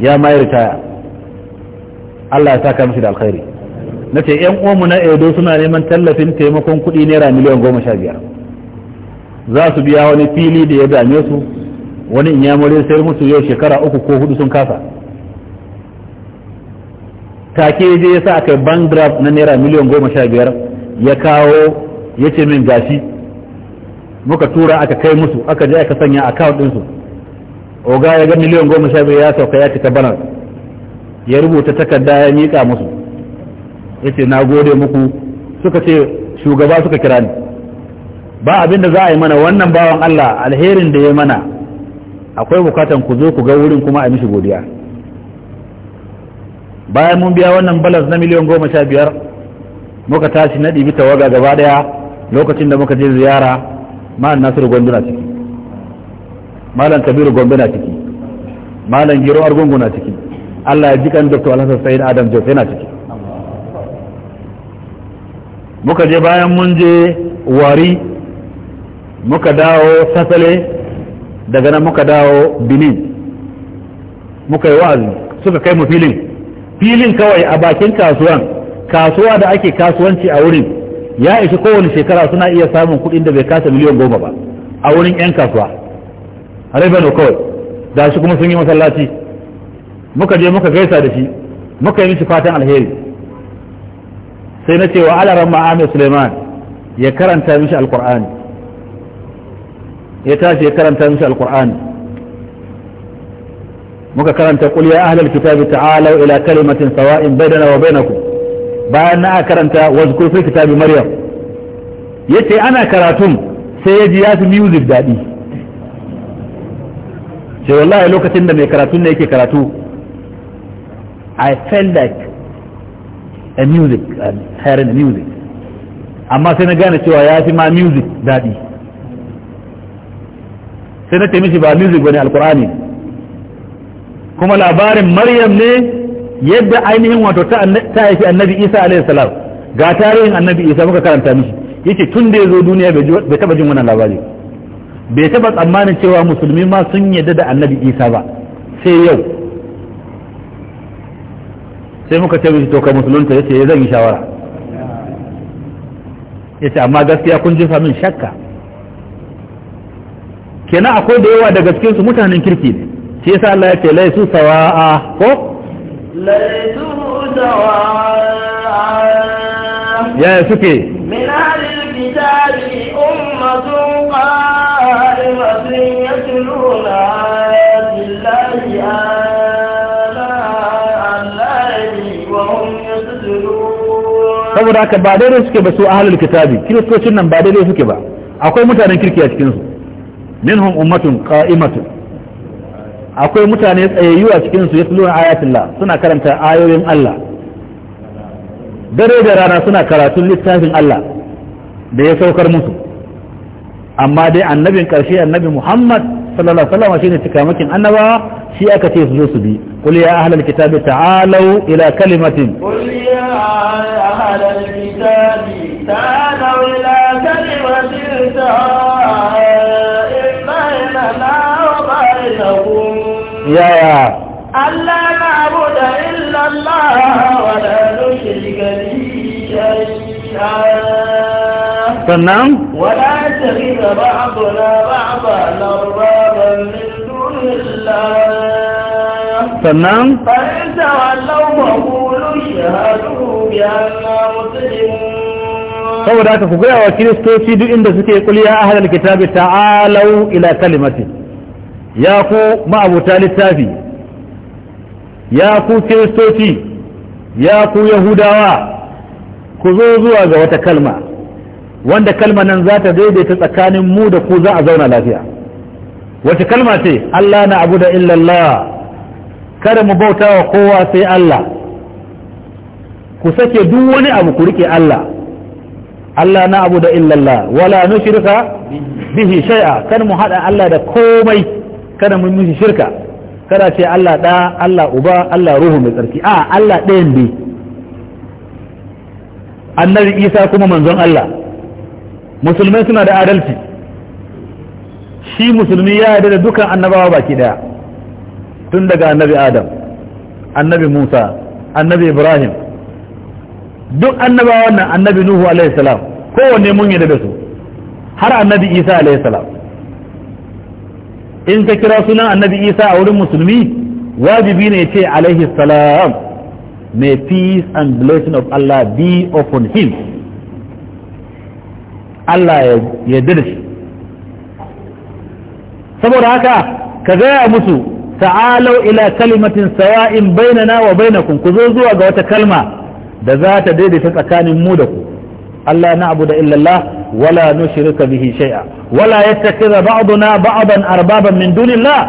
Speaker 1: ya mayar ta allah ya saka mishi da alkhairi na ce yan uwanmu na edo suna neman tallafin taimakon kuɗi naira miliyan goma sha biyar za su biya wani fili da ya dame su wani in ya sayar musu yau shekara uku ko hudu sun kasa take je ya sa aka yi bank draft na naira miliyan goma sha biyar ya kawo ya ce min gashi muka tura aka kai musu aka je aka sanya account ɗinsu oga ya ga miliyan goma sha biyar ya sauka ya cika banar ya rubuta takarda ya miƙa musu ya ce na gode muku suka ce shugaba suka kira ni ba abin da za a yi mana wannan bawan Allah alherin da ya mana akwai bukatan ku zo ku ga wurin kuma a mishi godiya bayan mun biya wannan balas na miliyan goma sha biyar muka tashi na ɗibi tawaga gaba ɗaya lokacin da muka je ziyara ma'an nasiru gwanduna ciki malam kabiru gwanduna ciki malam giro argunguna ciki allah ya jikan dr alhassan sayid adam jos yana ciki muka je bayan mun je wari muka dawo sasale daga nan muka dawo benin muka yi wa'azi suka kai mu filin filin kawai a bakin kasuwan kasuwa da ake kasuwanci a wurin ya ishi kowane shekara suna iya samun kuɗin da bai kasa miliyan goma ba a wurin 'yan kasuwa revenue kawai da shi kuma sun yi masallaci muka je muka gaisa da shi muka yi mishi fatan alheri sai na cewa alaran ma'amir suleiman ya karanta mishi alkur'ani ya tashi ya karanta mishi alkur'ani muka karanta qul ya ahlal kitabi ta'alu ila kalimatin sawa'in bainana wa bainakum bayan na karanta wazkur fil kitabi maryam yace ana karatun sai ya ji ya fi music dadi Sai wallahi lokacin da mai karatun ne yake karatu i felt like a music hearing a music amma sai na gane cewa ya fi ma music dadi sai na taimishi ba music bane alkur'ani kuma labarin maryam ne yadda ainihin wato ta haifi annabi isa alaihi salam ga tarihin annabi isa muka karanta mishi yake tun da ya zo duniya bai taba jin wannan labari bai taba tsammanin cewa musulmi ma sun yadda da annabi isa ba sai yau sai muka ce mishi to musulunta yace ya eh, zan yi shawara yace amma gaskiya kun jefa min shakka kenan akwai da yawa daga cikin su mutanen kirki ne shi yasa Allah ya ce laisu sawa'a ko
Speaker 2: laisu sawa'a ya suke min ahlil kitabi ummatun qa'imatun yatluna billahi saboda
Speaker 1: haka ba daidai suke ba su ahlul kitabi kiristocin nan ba daidai suke ba akwai mutanen kirki a cikinsu minhum ummatun qa'imatun akwai mutane tsayayyu a cikin su yasluna ayatillah suna karanta ayoyin Allah dare da rana suna karatun littafin Allah da ya saukar musu amma dai annabin karshe annabi Muhammad sallallahu alaihi wasallam shine tikamakin annaba, shi aka ce su zo su bi qul ya ahlal kitab ta'alu ila kalimatin
Speaker 2: qul ya ahlal kitab ta'alu ila kalimatin
Speaker 3: yaya
Speaker 2: Allah na abu da illallah wa sannan ba'dan min dunillah sannan fa in tawallaw fa qulu shahadu bi anna muslimun
Speaker 1: saboda haka ku gaya wa kiristoci duk inda suke kuliya ahlul kitabi "Alau" ila kalimati ya ku ma'abuta littafi ya ku kiristoci ya ku yahudawa ku zo zuwa ga wata kalma wanda kalma nan za ta daidaita tsakanin mu da ku za a zauna lafiya wata kalma ce Allah na abu da illallah kada mu bauta wa kowa sai Allah ku sake duk wani abu ku rike Allah Allah na abu da illallah wala nushirka bihi shay'a kan mu hada Allah da komai kada mun mishi shirka kada ce Allah ɗa Allah uba Allah ruhu mai tsarki a Allah ɗayan ne annabi isa kuma manzon Allah musulmai suna da adalci shi musulmi ya yarda da dukan annabawa baki daya tun daga annabi adam annabi musa annabi ibrahim duk annabawa wannan annabi nuhu alaihi salam kowanne mun yarda da su har annabi isa alaihi salam in ka kira sunan annabi isa a wurin musulmi wajibi ne ce alaihi salam may peace and blessing of Allah be upon him Allah ya yarda saboda haka ka gaya musu ta'alau ila kalimatin sawa'in bainana wa bainakum ku zo zuwa ga wata kalma da za ta daidaita tsakanin mu da ku Allah na abu da illallah wala nushrika bihi shay'a wala yattakhidha ba'duna ba'dan arbaban min dunillah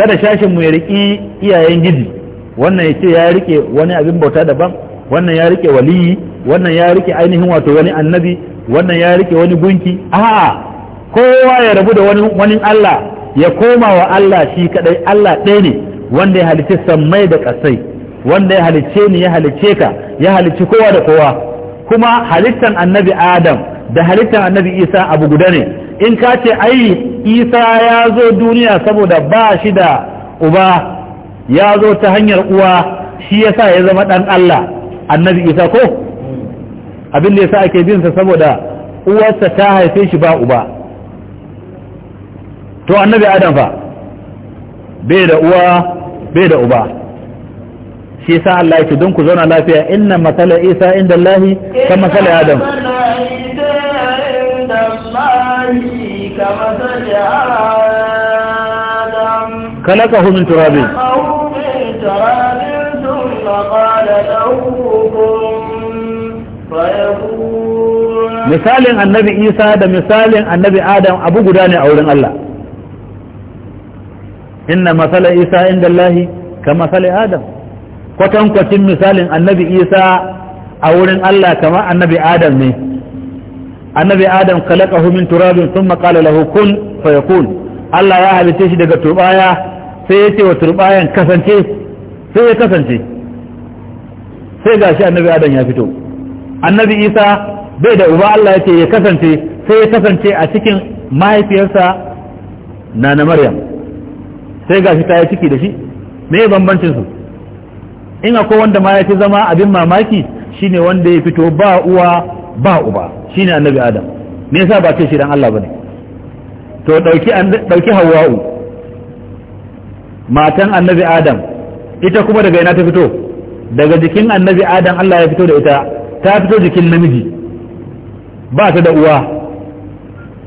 Speaker 1: kada shashin mu ya riki iyayen gidi wannan ce ya rike wani abin bauta daban wannan ya rike waliyi wannan ya rike ainihin wato wani annabi wannan ya rike wani gunki a'a kowa ya rabu da wani wani Allah ya koma wa Allah shi kadai Allah ɗaya ne wanda ya halicci sammai da kasai wanda ya halicce ni ya halicce ka ya halicci kowa da kowa kuma halittan annabi adam da halittan annabi isa abu guda ne in ka ce ai isa ya zo duniya saboda ba shi da uba ya zo ta hanyar uwa shi yasa ya zama dan Allah annabi isa ko abin da yasa ake binsa saboda uwarsa ta haife shi ba uba to annabi adam fa bai da uwa bai da uba shi sa Allah yake don ku zauna lafiya inna matsala isa inda Allah ka masala adam
Speaker 2: خلقه من تراب ثم قال له
Speaker 1: misalin annabi isa da misalin annabi adam abu guda ne a wurin Allah inna matsala isa inda Allahi ka matsala adam kwatankwacin misalin annabi isa a wurin allah kamar annabi adam ne annabi adam kalakahu min turabin sun makala lahu kun fayakun allah ya halitta shi daga turbaya sai ya ce wa turbayan kasance sai ya kasance sai gashi annabi adam ya fito annabi isa bai da uba allah ya ce ya kasance sai ya kasance a cikin mahaifiyarsa na na maryam sai gashi ta yi ciki da shi me bambancin su in ko wanda ma ya fi zama abin mamaki shine wanda ya fito ba uwa ba uba shine annabi adam me yasa ba ce shi dan Allah bane to dauki dauki hawwa'u matan annabi adam ita kuma daga ina ta fito daga jikin annabi adam Allah ya fito da ita ta fito jikin namiji ba ta da uwa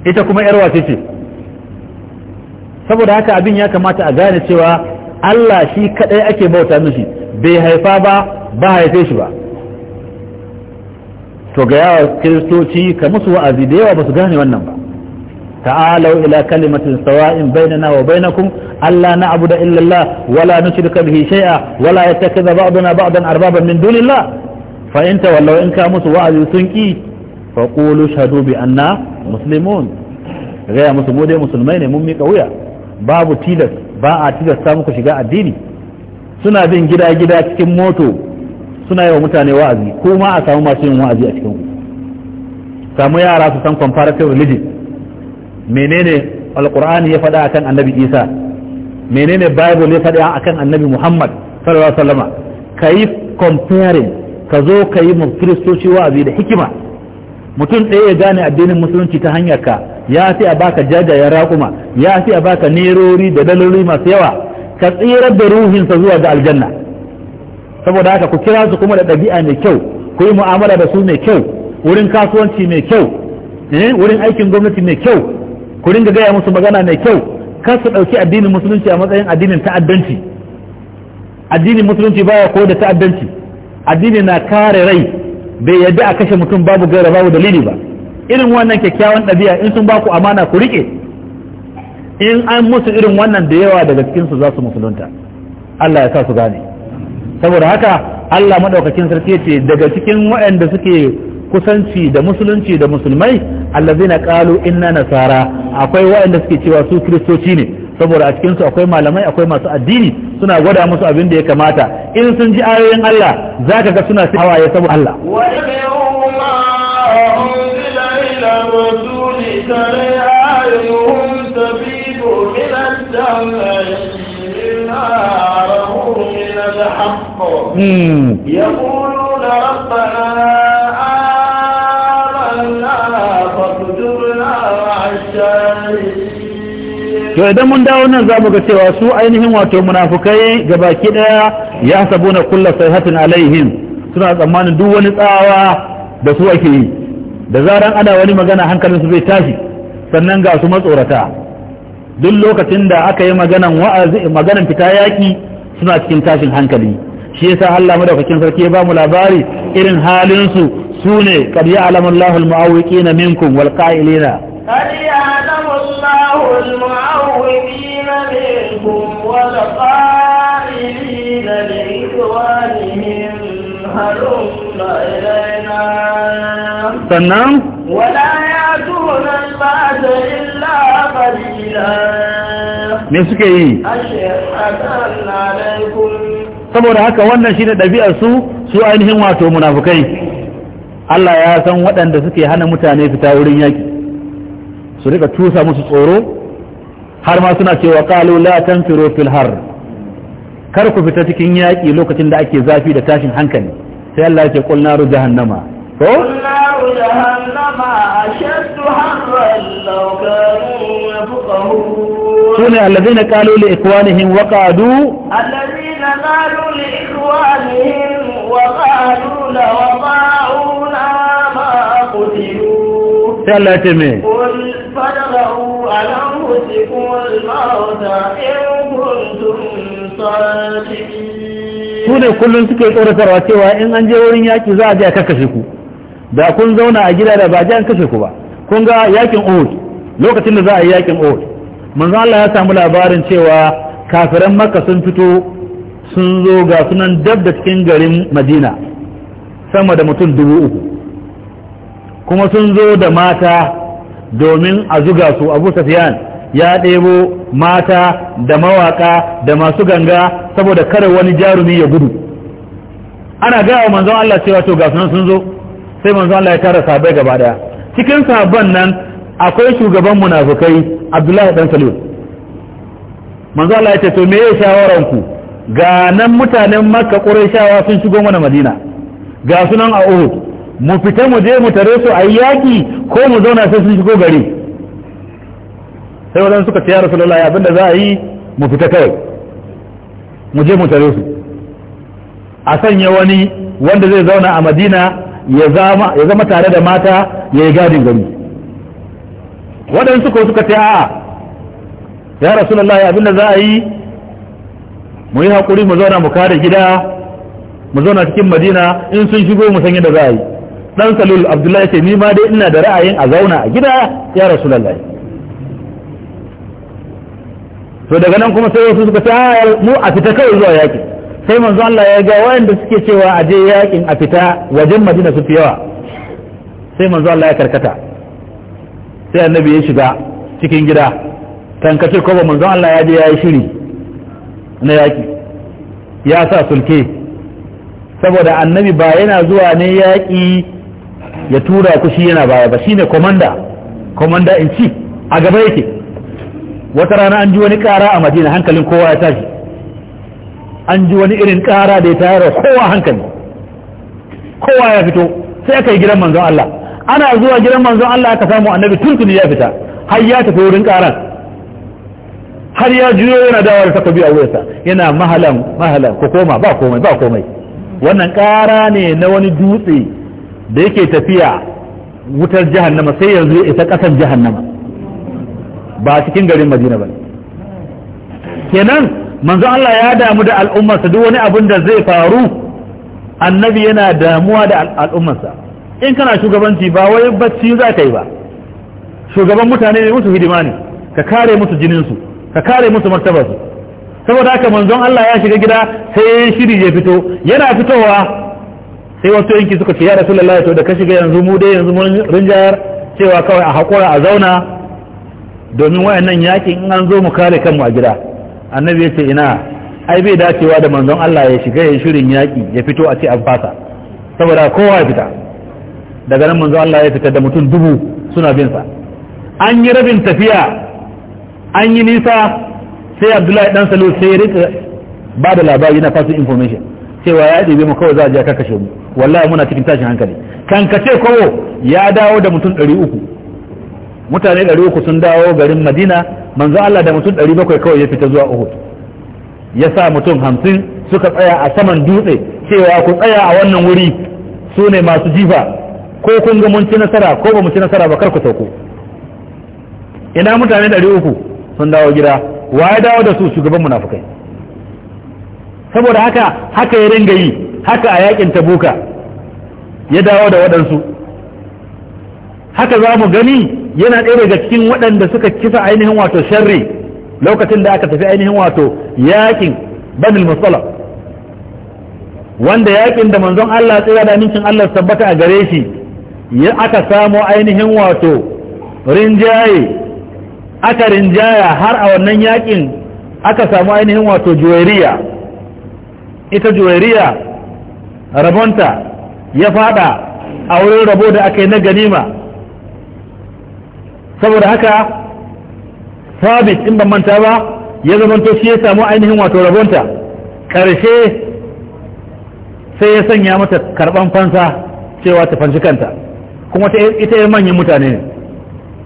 Speaker 1: ita kuma yarwa wace ce saboda haka abin ya kamata a gane cewa Allah shi kadai ake bauta mishi bai haifa ba ba haife shi ba to ga yawa kiristoci ka musu wa'azi da yawa ba su gane wannan ba ta'alau ila kalimatin sawa'in bainana wa bainakum alla na'budu illa Allah wala nushrika bihi shay'a wala yattakhidha ba'duna ba'dan arbaban min dunillah fa in tawallaw in ka musu wa'azi sun ki fa qulu shahadu bi anna muslimun ga ya musu mu dai musulmai ne mun mika wuya babu tilas ba a tilasta muku shiga addini suna bin gida-gida cikin moto suna yi wa mutane wa'azi ko ma a samu masu yin wa'azi a cikin samu yara su san comparative religion menene alkur'ani ya faɗa akan annabi isa menene bible ya faɗa akan annabi muhammad sallallahu alaihi wasallama ka yi comparing ka zo ka yi kiristoci wa'azi da hikima mutum ɗaya ya gane addinin musulunci ta hanyar ka ya fi a baka jajayen raƙuma ya fi a baka nerori da daloli masu yawa ka tsirar da ruhinsa zuwa ga aljanna saboda haka ku kira su kuma da ɗabi'a mai kyau ku yi mu'amala da su mai kyau wurin kasuwanci mai kyau eh, wurin aikin gwamnati mai kyau ku ringa gaya musu magana mai kyau kar su ɗauki addinin musulunci a matsayin addinin ta'addanci addinin musulunci baya ko da ta'addanci addini na kare rai bai yadda a kashe mutum babu gaira babu dalili ba irin wannan kyakkyawan ɗabi'a in sun ba ku amana ku riƙe in an musu irin wannan da yawa daga cikinsu za su musulunta Allah ya sa su gane saboda haka Allah madaukakin sarki ce daga cikin waɗanda suke kusanci da musulunci da musulmai allazina qalu inna nasara akwai waɗanda suke cewa su kristoci ne saboda a cikinsu akwai malamai akwai masu addini suna gwada musu abin da ya kamata in sun ji ayoyin Allah zaka ga suna hawaye saboda Allah
Speaker 2: wa Hmm.
Speaker 1: to idan mun dawo nan za mu ga cewa su ainihin wato munafukai ga baki daya ya sabu na kulla sayhatin alaihim suna tsammanin duk wani tsawa da su ake yi da zaran ana wani magana hankalinsu zai tashi sannan ga su matsorata duk lokacin da aka yi maganan wa'azi maganan fita yaki suna cikin tashin hankali shi yasa Allah madaukakin sarki ya ba mu labari irin halin su sune qad ya'lamu Allahul al minkum wal qa'ilina
Speaker 2: qad ya'lamu Allahul al minkum wal qa'ilina li sannan wala ya illa qalila me suke yi
Speaker 1: saboda haka wannan shine dabi'ar su su ainihin wato munafukai Allah ya san waɗanda suke hana mutane fita wurin yaki su rika tusa musu tsoro har ma suna cewa qalu la tanfiru fil har kar ku fita cikin yaƙi lokacin da ake zafi da tashin hankali sai Allah ya ce qul naru jahannama to
Speaker 2: naru jahannama ashaddu harran law kanu yafqahun
Speaker 1: sune allazina qalu li ikwanihim wa qadu
Speaker 2: allazina qalu li ikwanihim wa qadu law ta'una ma qutilu
Speaker 1: sai Allah ya ce me
Speaker 2: qul fadalu ala anfusikum al-mauta in kuntum
Speaker 1: su ne kullum suke tsoratarwa cewa in an je wurin yaki za a je a kakkashe ku da kun zauna a gida da ba je an kashe ku ba kun ga yakin Uhud lokacin da za a yi yakin Uhud manzo Allah ya samu labarin cewa kafiran Makka sun fito sun zo ga sunan dab da cikin garin Madina sama da mutum dubu uku kuma sun zo da mata domin a zuga su Abu safiyan ya ɗebo mata da mawaƙa da masu ganga saboda kare wani jarumi ya gudu ana gaya wa manzon Allah cewa to ga sunan sun zo sai manzon Allah ya tara sabai gaba daya cikin sabon nan akwai shugaban munafukai Abdullahi dan Salim manzon Allah ya ce to me ya shawaran ku ga nan mutanen Makka Qurayshawa sun shigo mana Madina ga sunan a Uhud mu fita mu je mu tare su a yaki ko mu zauna sai sun shigo gari sai wajen suka ce ya rasulullahi abinda za a yi mu fita kawai mu je mu tare su a sanya wani wanda zai zauna a madina ya zama tare da mata ya yi gadin gari waɗansu ko suka ce a'a ya rasulullahi abinda za a yi mu yi haƙuri mu zauna mu kare gida mu zauna cikin madina in sun shigo mu san yadda za a yi ɗan salul abdullahi ce ni ma dai ina da ra'ayin a zauna a gida ya rasulullahi to daga nan kuma sai wasu suka ce ah, mu a fita kawai zuwa yaƙi. sai manzo Allah ya ga wayanda suke cewa a je yaƙin a fita wajen Madina su fi yawa sai manzo Allah ya karkata sai annabi ya shiga cikin gida tankace ko ba manzo Allah ya je ya yi shiri na yaƙi. ya sa sulke saboda annabi ba yana zuwa ne yaƙi ya tura ku shi yana baya ba shine komanda komanda in ci a gaba yake wata rana an ji wani kara a madina hankalin kowa ya tashi an ji wani irin kara da ya tayar kowa hankali kowa ya fito sai aka yi gidan manzon Allah ana zuwa gidan manzon Allah aka samu annabi tuntuni ya fita har ya tafi wurin karan har ya juyo yana dawo da takobi a wurinsa yana mahalan mahalan ko koma ba komai ba komai wannan kara ne na wani dutse da yake tafiya wutar jahannama sai yanzu ya isa kasan jahannama ba cikin garin madina ba kenan manzo Allah ya damu da al'ummarsa duk wani abin da zai faru annabi yana damuwa da al'ummarsa in kana shugabanci ba wai bacci za ka yi ba shugaban mutane ne musu hidima ne ka kare musu jininsu ka kare musu martabarsu saboda haka manzon Allah ya shiga gida sai shiri ya fito yana fitowa sai wasu yanki suka ce ya rasulullahi to da ka shiga yanzu mu dai yanzu mun rinjayar cewa kawai a haƙura a zauna domin nan yakin in an zo mu kare kanmu a gida annabi ya ce ina ai bai dacewa da manzon Allah ya shiga ya shirin yaki ya fito a ce an fasa saboda kowa ya fita daga nan manzon Allah ya fita da mutum dubu suna bin sa an yi rabin tafiya an yi nisa sai Abdullahi dan Salo sai rika ba da labari na fasu information cewa ya ɗebe mu kawai za a je a kakkashe mu wallahi muna cikin tashin hankali kan ka ce kowo ya dawo da mutum ɗari uku mutane ɗari uku sun dawo garin madina manzo Allah da mutum ɗari bakwai kawai ya fita zuwa uhud ya sa mutum hamsin suka tsaya a saman dutse cewa ku tsaya a wannan wuri su ne masu jifa ko kun ga mun ci nasara ko ba mu ci nasara ba kar ku sauko ina mutane ɗari uku sun dawo gida wa ya dawo da su shugaban munafukai saboda haka haka ya ringa yi haka a yakin tabuka ya dawo da waɗansu haka za mu gani yana ɗaya daga cikin waɗanda suka kisa ainihin wato sharri lokacin da aka tafi ainihin wato yakin banil musala wanda yakin da manzon Allah tsira da amincin Allah tabbata a gare shi ya aka samo ainihin wato rinjaye aka rinjaya har a wannan yakin aka samu ainihin wato juwairiya ita juwairiya rabonta ya fada a wurin rabo da aka yi na ganima saboda haka sabit in ban manta ba ya zamanto shi ya samu ainihin wato rabonta karshe sai ya sanya mata karban fansa cewa ta fanci kanta kuma ita ya manyan mutane ne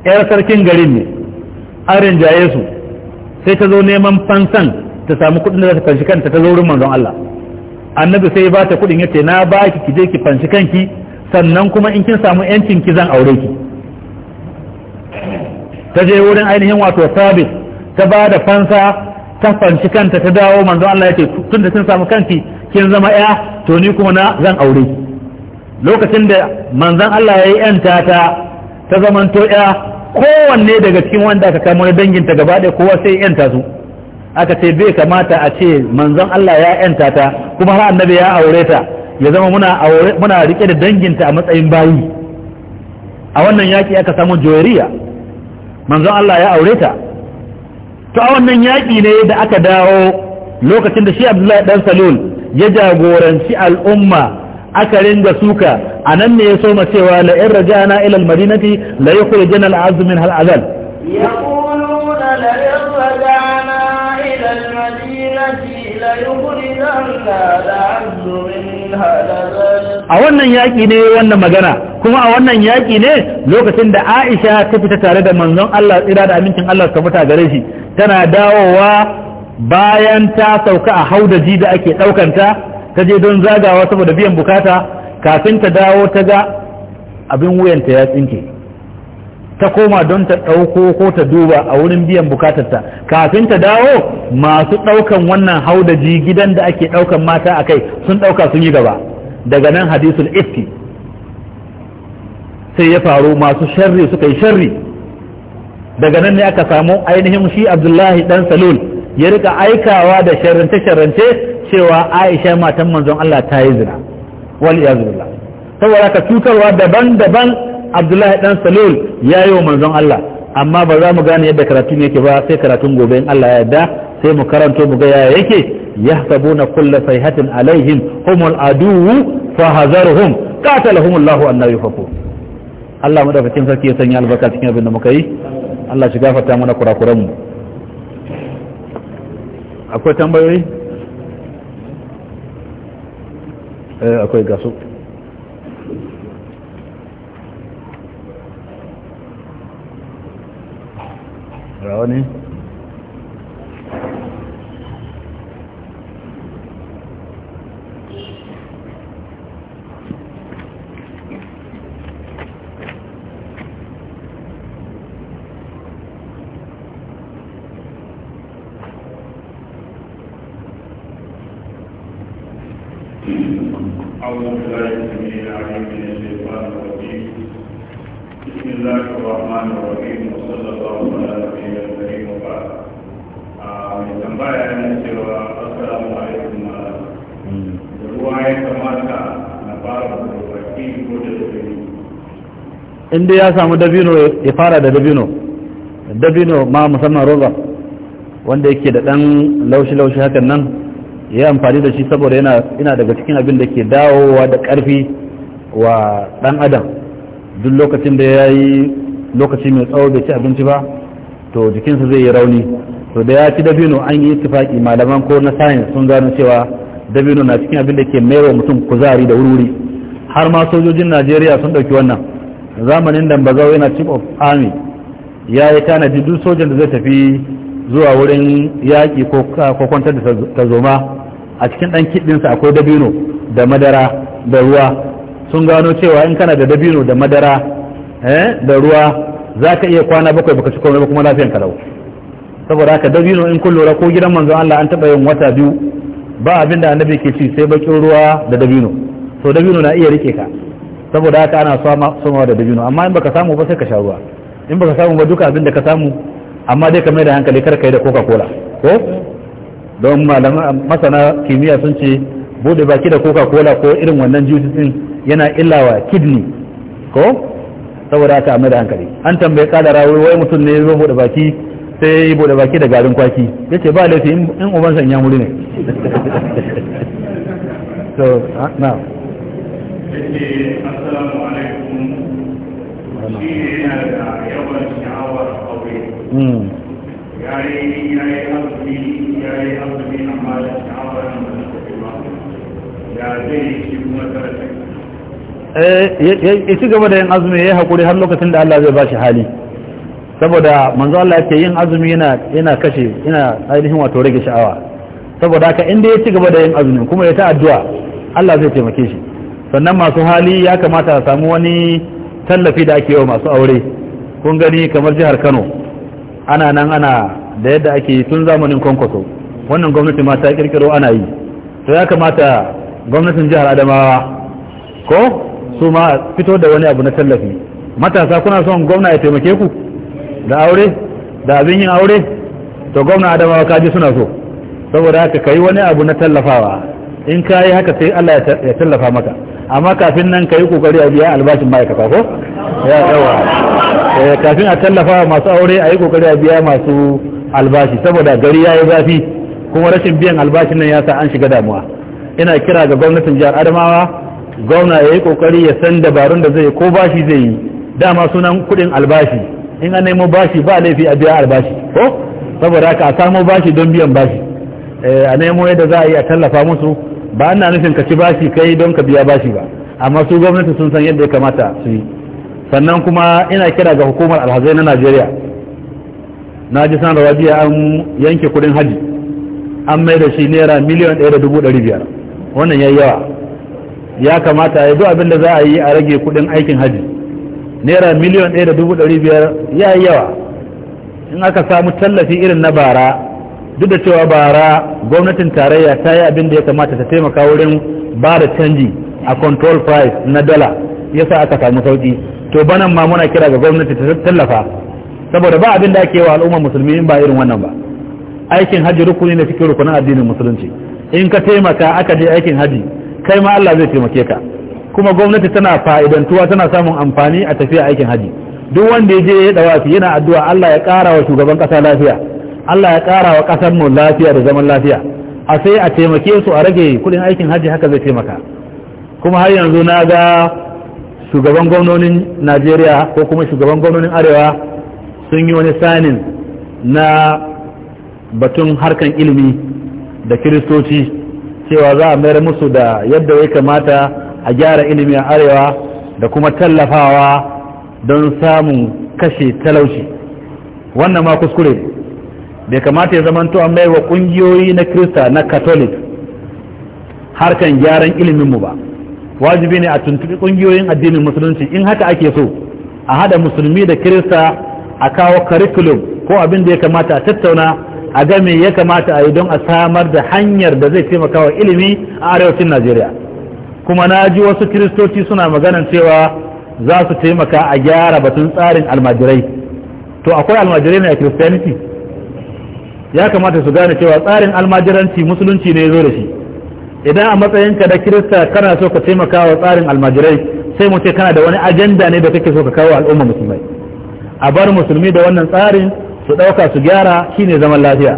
Speaker 1: ‘yar sarkin garin ne an rinjaye su sai ta zo neman fansan ta samu kuɗin da za ta fanci kanta ta zo manzon Allah annabi sai ba ta kuɗin yace na ba ki ki je ki fanci kanki sannan kuma in kin samu yancin ki zan aure ki ta je wurin ainihin wato sabis ta ba da fansa ta fanci kanta ta dawo manzon Allah ya ce tun da sun samu kanki kin zama ya to ni kuma na zan aure lokacin da manzon Allah ya yi yanta ta ta zamanto ya kowanne daga cikin wanda aka kama na danginta gaba ɗaya kowa sai yanta su aka ce bai kamata a ce manzon Allah ya yanta ta kuma har annabi ya aure ta ya zama muna aure muna rike da danginta a matsayin bayi a wannan yaki aka samu joyariya manzon Allah ya aure ta to a wannan yaƙi ne da aka dawo lokacin da shi Abdullahi dan Salul ya jagoranci al'umma aka ringa suka a nan ne ya soma cewa la in rajana ila madinati la yukhrijana al-azm min al-azal
Speaker 2: yaquluna la rajana ila madinati la yukhrijana al min azal
Speaker 1: a wannan yaki ne wannan magana kuma a wannan yaƙi ne lokacin da Aisha ta fita tare da manzon Allah tsira da amincin Allah ta fita gare shi tana dawowa bayan ta sauka a haudaji da ake ɗaukanta ta je don zagawa saboda biyan bukata kafin ta dawo ta ga abin wuyanta ya tsinke ta koma don ta ɗauko ko ta duba a wurin biyan bukatarta kafin ta dawo masu ɗaukan wannan haudaji gidan da ake ɗaukan mata a kai sun ɗauka sun yi gaba daga nan hadisul ifki sai ya faru masu sharri suka yi sharri daga nan ne aka samu ainihin shi abdullahi dan salul ya rika aikawa da sharrance-sharrance cewa aisha matan manzon Allah ta yi zina wal billah saboda ka cutarwa daban-daban abdullahi dan salul ya yi wa manzon Allah amma ba za mu gane yadda karatun yake ba sai karatun gobe in Allah ya yarda sai mu karanto mu ga yaya yake yahsabuna kulle sayhatin alaihim humul aduwwu fa hazarhum qatalahum annahu yufakun Allah madaukakin sarki ya sanya albarka cikin abin da muka yi Allah shi gafarta mana kurakuran mu akwai tambayoyi eh akwai gasu rawani inda ya samu dabino ya fara da dabino dabino ma musamman roba wanda yake da dan laushi-laushi hakan nan ya amfani da shi saboda yana daga cikin abin da ke dawowa da karfi wa dan adam duk lokacin da ya yi lokaci mai tsawo bai ci abinci ba to jikinsa zai yi rauni to da ya ci dabino an yi tufaƙi malaman ko na sayan sun gano cewa dabino na cikin abin da ke maiwa mutum kuzari da wuri har ma sojojin najeriya sun ɗauki wannan zamanin dambazau yana chief of army ya yi tanadi duk sojan da zai tafi zuwa wurin yaƙi ko kwantar da tazoma a cikin ɗan kiɗinsa akwai dabino da madara da ruwa sun gano cewa in kana da dabino da madara eh, da ruwa za ka iya kwana bakwai baka ci komai ba kuma lafiyan saboda haka dabino in kun lura ko gidan manzon Allah an taɓa yin wata biyu ba abin da annabi ke ci sai bakin ruwa da dabino to dabino na iya rike ka saboda haka ana sama da dabino amma in baka samu ba sai ka sha ruwa in baka samu ba duka abin da ka samu amma dai ka mai da hankali kar ka yi da coca cola ko don masana kimiyya sun ce bude baki da coca cola ko irin wannan juice din yana illawa kidney ko saboda haka mai da hankali an tambaye da rawu wai mutum ne zo bude baki sai ya bude baki da garin kwaki yace ba laifi in uban san ya muri ne
Speaker 3: <laughs>
Speaker 1: so ah, na
Speaker 3: yake assalamu alaikum shi ne yana da yawan sha'awar aure hmm. ya yi ya yi azumi ya yi azumi amma da sha'awar nan da ta ba ya zai shi kuma tarafi
Speaker 1: eh, ya ci gaba da yin azumi ya yi haƙuri har lokacin da Allah zai ba shi hali saboda manzo Allah ya yin azumi yana yana kashe yana ainihin wato rage sha'awa saboda haka inda ya ci gaba da yin azumi kuma ya ta addu'a Allah zai taimake shi sannan masu hali ya kamata a samu wani tallafi da ake wa masu aure kun gani kamar jihar kano ana nan ana da yadda ake tun zamanin kwankwaso wannan gwamnati ma ta kirkiro ana yi to ya kamata gwamnatin jihar adamawa ko su ma fito da wani abu na tallafi matasa kuna son gwamna ya taimake ku da aure da abin yin aure to gwamna adamawa kaji suna so saboda haka kai wani abu na tallafawa in ka yi haka sai allah ya tallafa maka amma kafin nan ka yi kokari a biya albashin ma'aikata ko ya yawa eh, kafin a tallafa masu aure a yi kokari a biya masu albashi saboda gari ya yi zafi kuma rashin biyan albashin nan ya sa an shiga damuwa ina kira ga gwamnatin jihar adamawa gwamna ya yi kokari ya san dabarun da zai ko bashi zai yi dama sunan kudin albashi in an nemo bashi ba laifi a biya albashi ko saboda haka a samo bashi don biyan bashi eh, a nemo yadda za a yi a tallafa musu ba na nufin ka ci bashi kai don ka biya bashi ba amma su gwamnati sun san yadda ya kamata su yi sannan kuma ina kira ga hukumar alhazai na najeriya na ji san rawajiya an yanke kudin hajji. an mai da shi naira miliyan ɗaya da dubu ɗari biyar wannan ya yawa ya kamata ya duk abin da za a yi a rage kudin aikin hajji naira miliyan ɗaya da dubu ɗari biyar ya yawa in aka samu tallafi irin na bara duk da cewa bara gwamnatin tarayya ta yi abin da ya kamata ta taimaka wurin ba da canji a control price na dala ya sa aka samu sauki to banan ma muna kira ga gwamnati ta tallafa saboda ba abin da ake wa al'ummar musulmi in ba irin wannan ba aikin hajji rukuni ne cikin rukunin addinin musulunci in ka taimaka aka je aikin hajji kai ma Allah zai taimake ka kuma gwamnati tana fa'idantuwa tana samun amfani a tafiya aikin hajji duk wanda ya je ya dawafi yana addu'a Allah ya kara wa shugaban kasa lafiya Allah ya ƙara wa ƙasar mu lafiya da zaman lafiya a sai a taimake su a rage kudin aikin hajji haka zai taimaka kuma har yanzu na ga shugaban gwamnonin najeriya ko kuma shugaban gwamnonin arewa sun yi wani sanin na batun harkan ilimi da kiristoci cewa za a mayar musu da yadda ya kamata a gyara ilimi a arewa da kuma tallafawa don samun kashe talauci wannan ma kuskure bai kamata ya zamanto an baiwa kungiyoyi na krista na katolik harkan gyaran iliminmu ba wajibi ne a tuntubi kungiyoyin addinin musulunci in haka ake so a hada musulmi da krista a kawo curriculum ko abin da ya kamata a tattauna a game ya kamata a yi don a samar da hanyar da zai taimaka wa ilimi a arewacin najeriya kuma na ji wasu kiristoci suna maganan cewa za su taimaka a gyara batun tsarin almajirai to akwai almajirai ne a christianity ya kamata su gane cewa tsarin almajiranci musulunci ne ya zo da shi idan a matsayinka da kirista kana so ka taimaka wa tsarin almajirai sai mu ce kana da wani ajanda ne da kake so ka kawo al'umma musulmai a bar musulmi da wannan tsarin su ɗauka su gyara shine zaman lafiya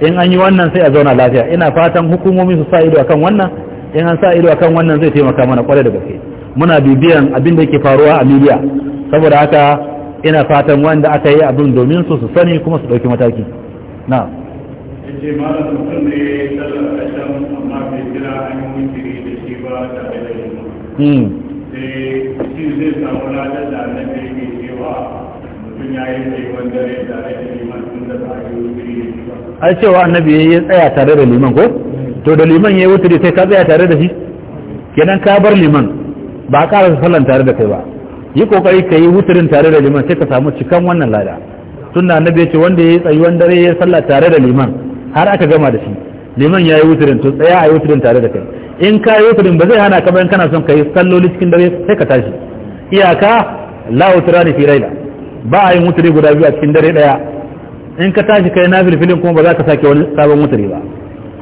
Speaker 1: in an yi wannan sai a zauna lafiya ina fatan hukumomi su sa ido akan wannan in an sa ido akan wannan zai taimaka mana kwarai da gaske muna bibiyan abin da yake faruwa a miliya saboda haka ina fatan wanda aka yi abin domin su su sani kuma su ɗauki mataki na
Speaker 3: yace malam mutum ne ya sallar asham amma bai an yi da shi ba tare da hmm. sai shi zai samu ladar da cewa mutum ya yi mai wanda ya tare da liman tun da ba a yi wujiri da
Speaker 1: shi ba ai cewa annabi ya tsaya tare da liman ko to da liman ya yi wuturi sai ka tsaya tare da shi kenan ka bar liman ba a ƙara sallan tare da kai ba yi kokari ka yi wuturin tare da liman sai ka samu cikan wannan lada sunna annabi ya ce wanda ya yi tsayuwan dare ya sallah tare da liman har aka gama da shi liman ya yi wuturin to tsaya a yi wuturin tare da kai in ka yi wuturin ba zai hana ka bayan kana son ka yi salloli cikin dare sai ka tashi iyaka la wutura ni fi raila ba a yin wuturi guda biyu a cikin dare daya in ka tashi kai na filfilin kuma ba za ka sake wani sabon wuturi ba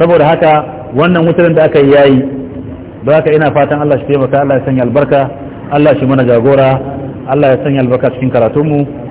Speaker 1: saboda haka wannan wuturin da aka yi yayi ba ka ina fatan Allah shi taimaka Allah ya sanya albarka Allah shi mana jagora Allah ya sanya albarka cikin karatunmu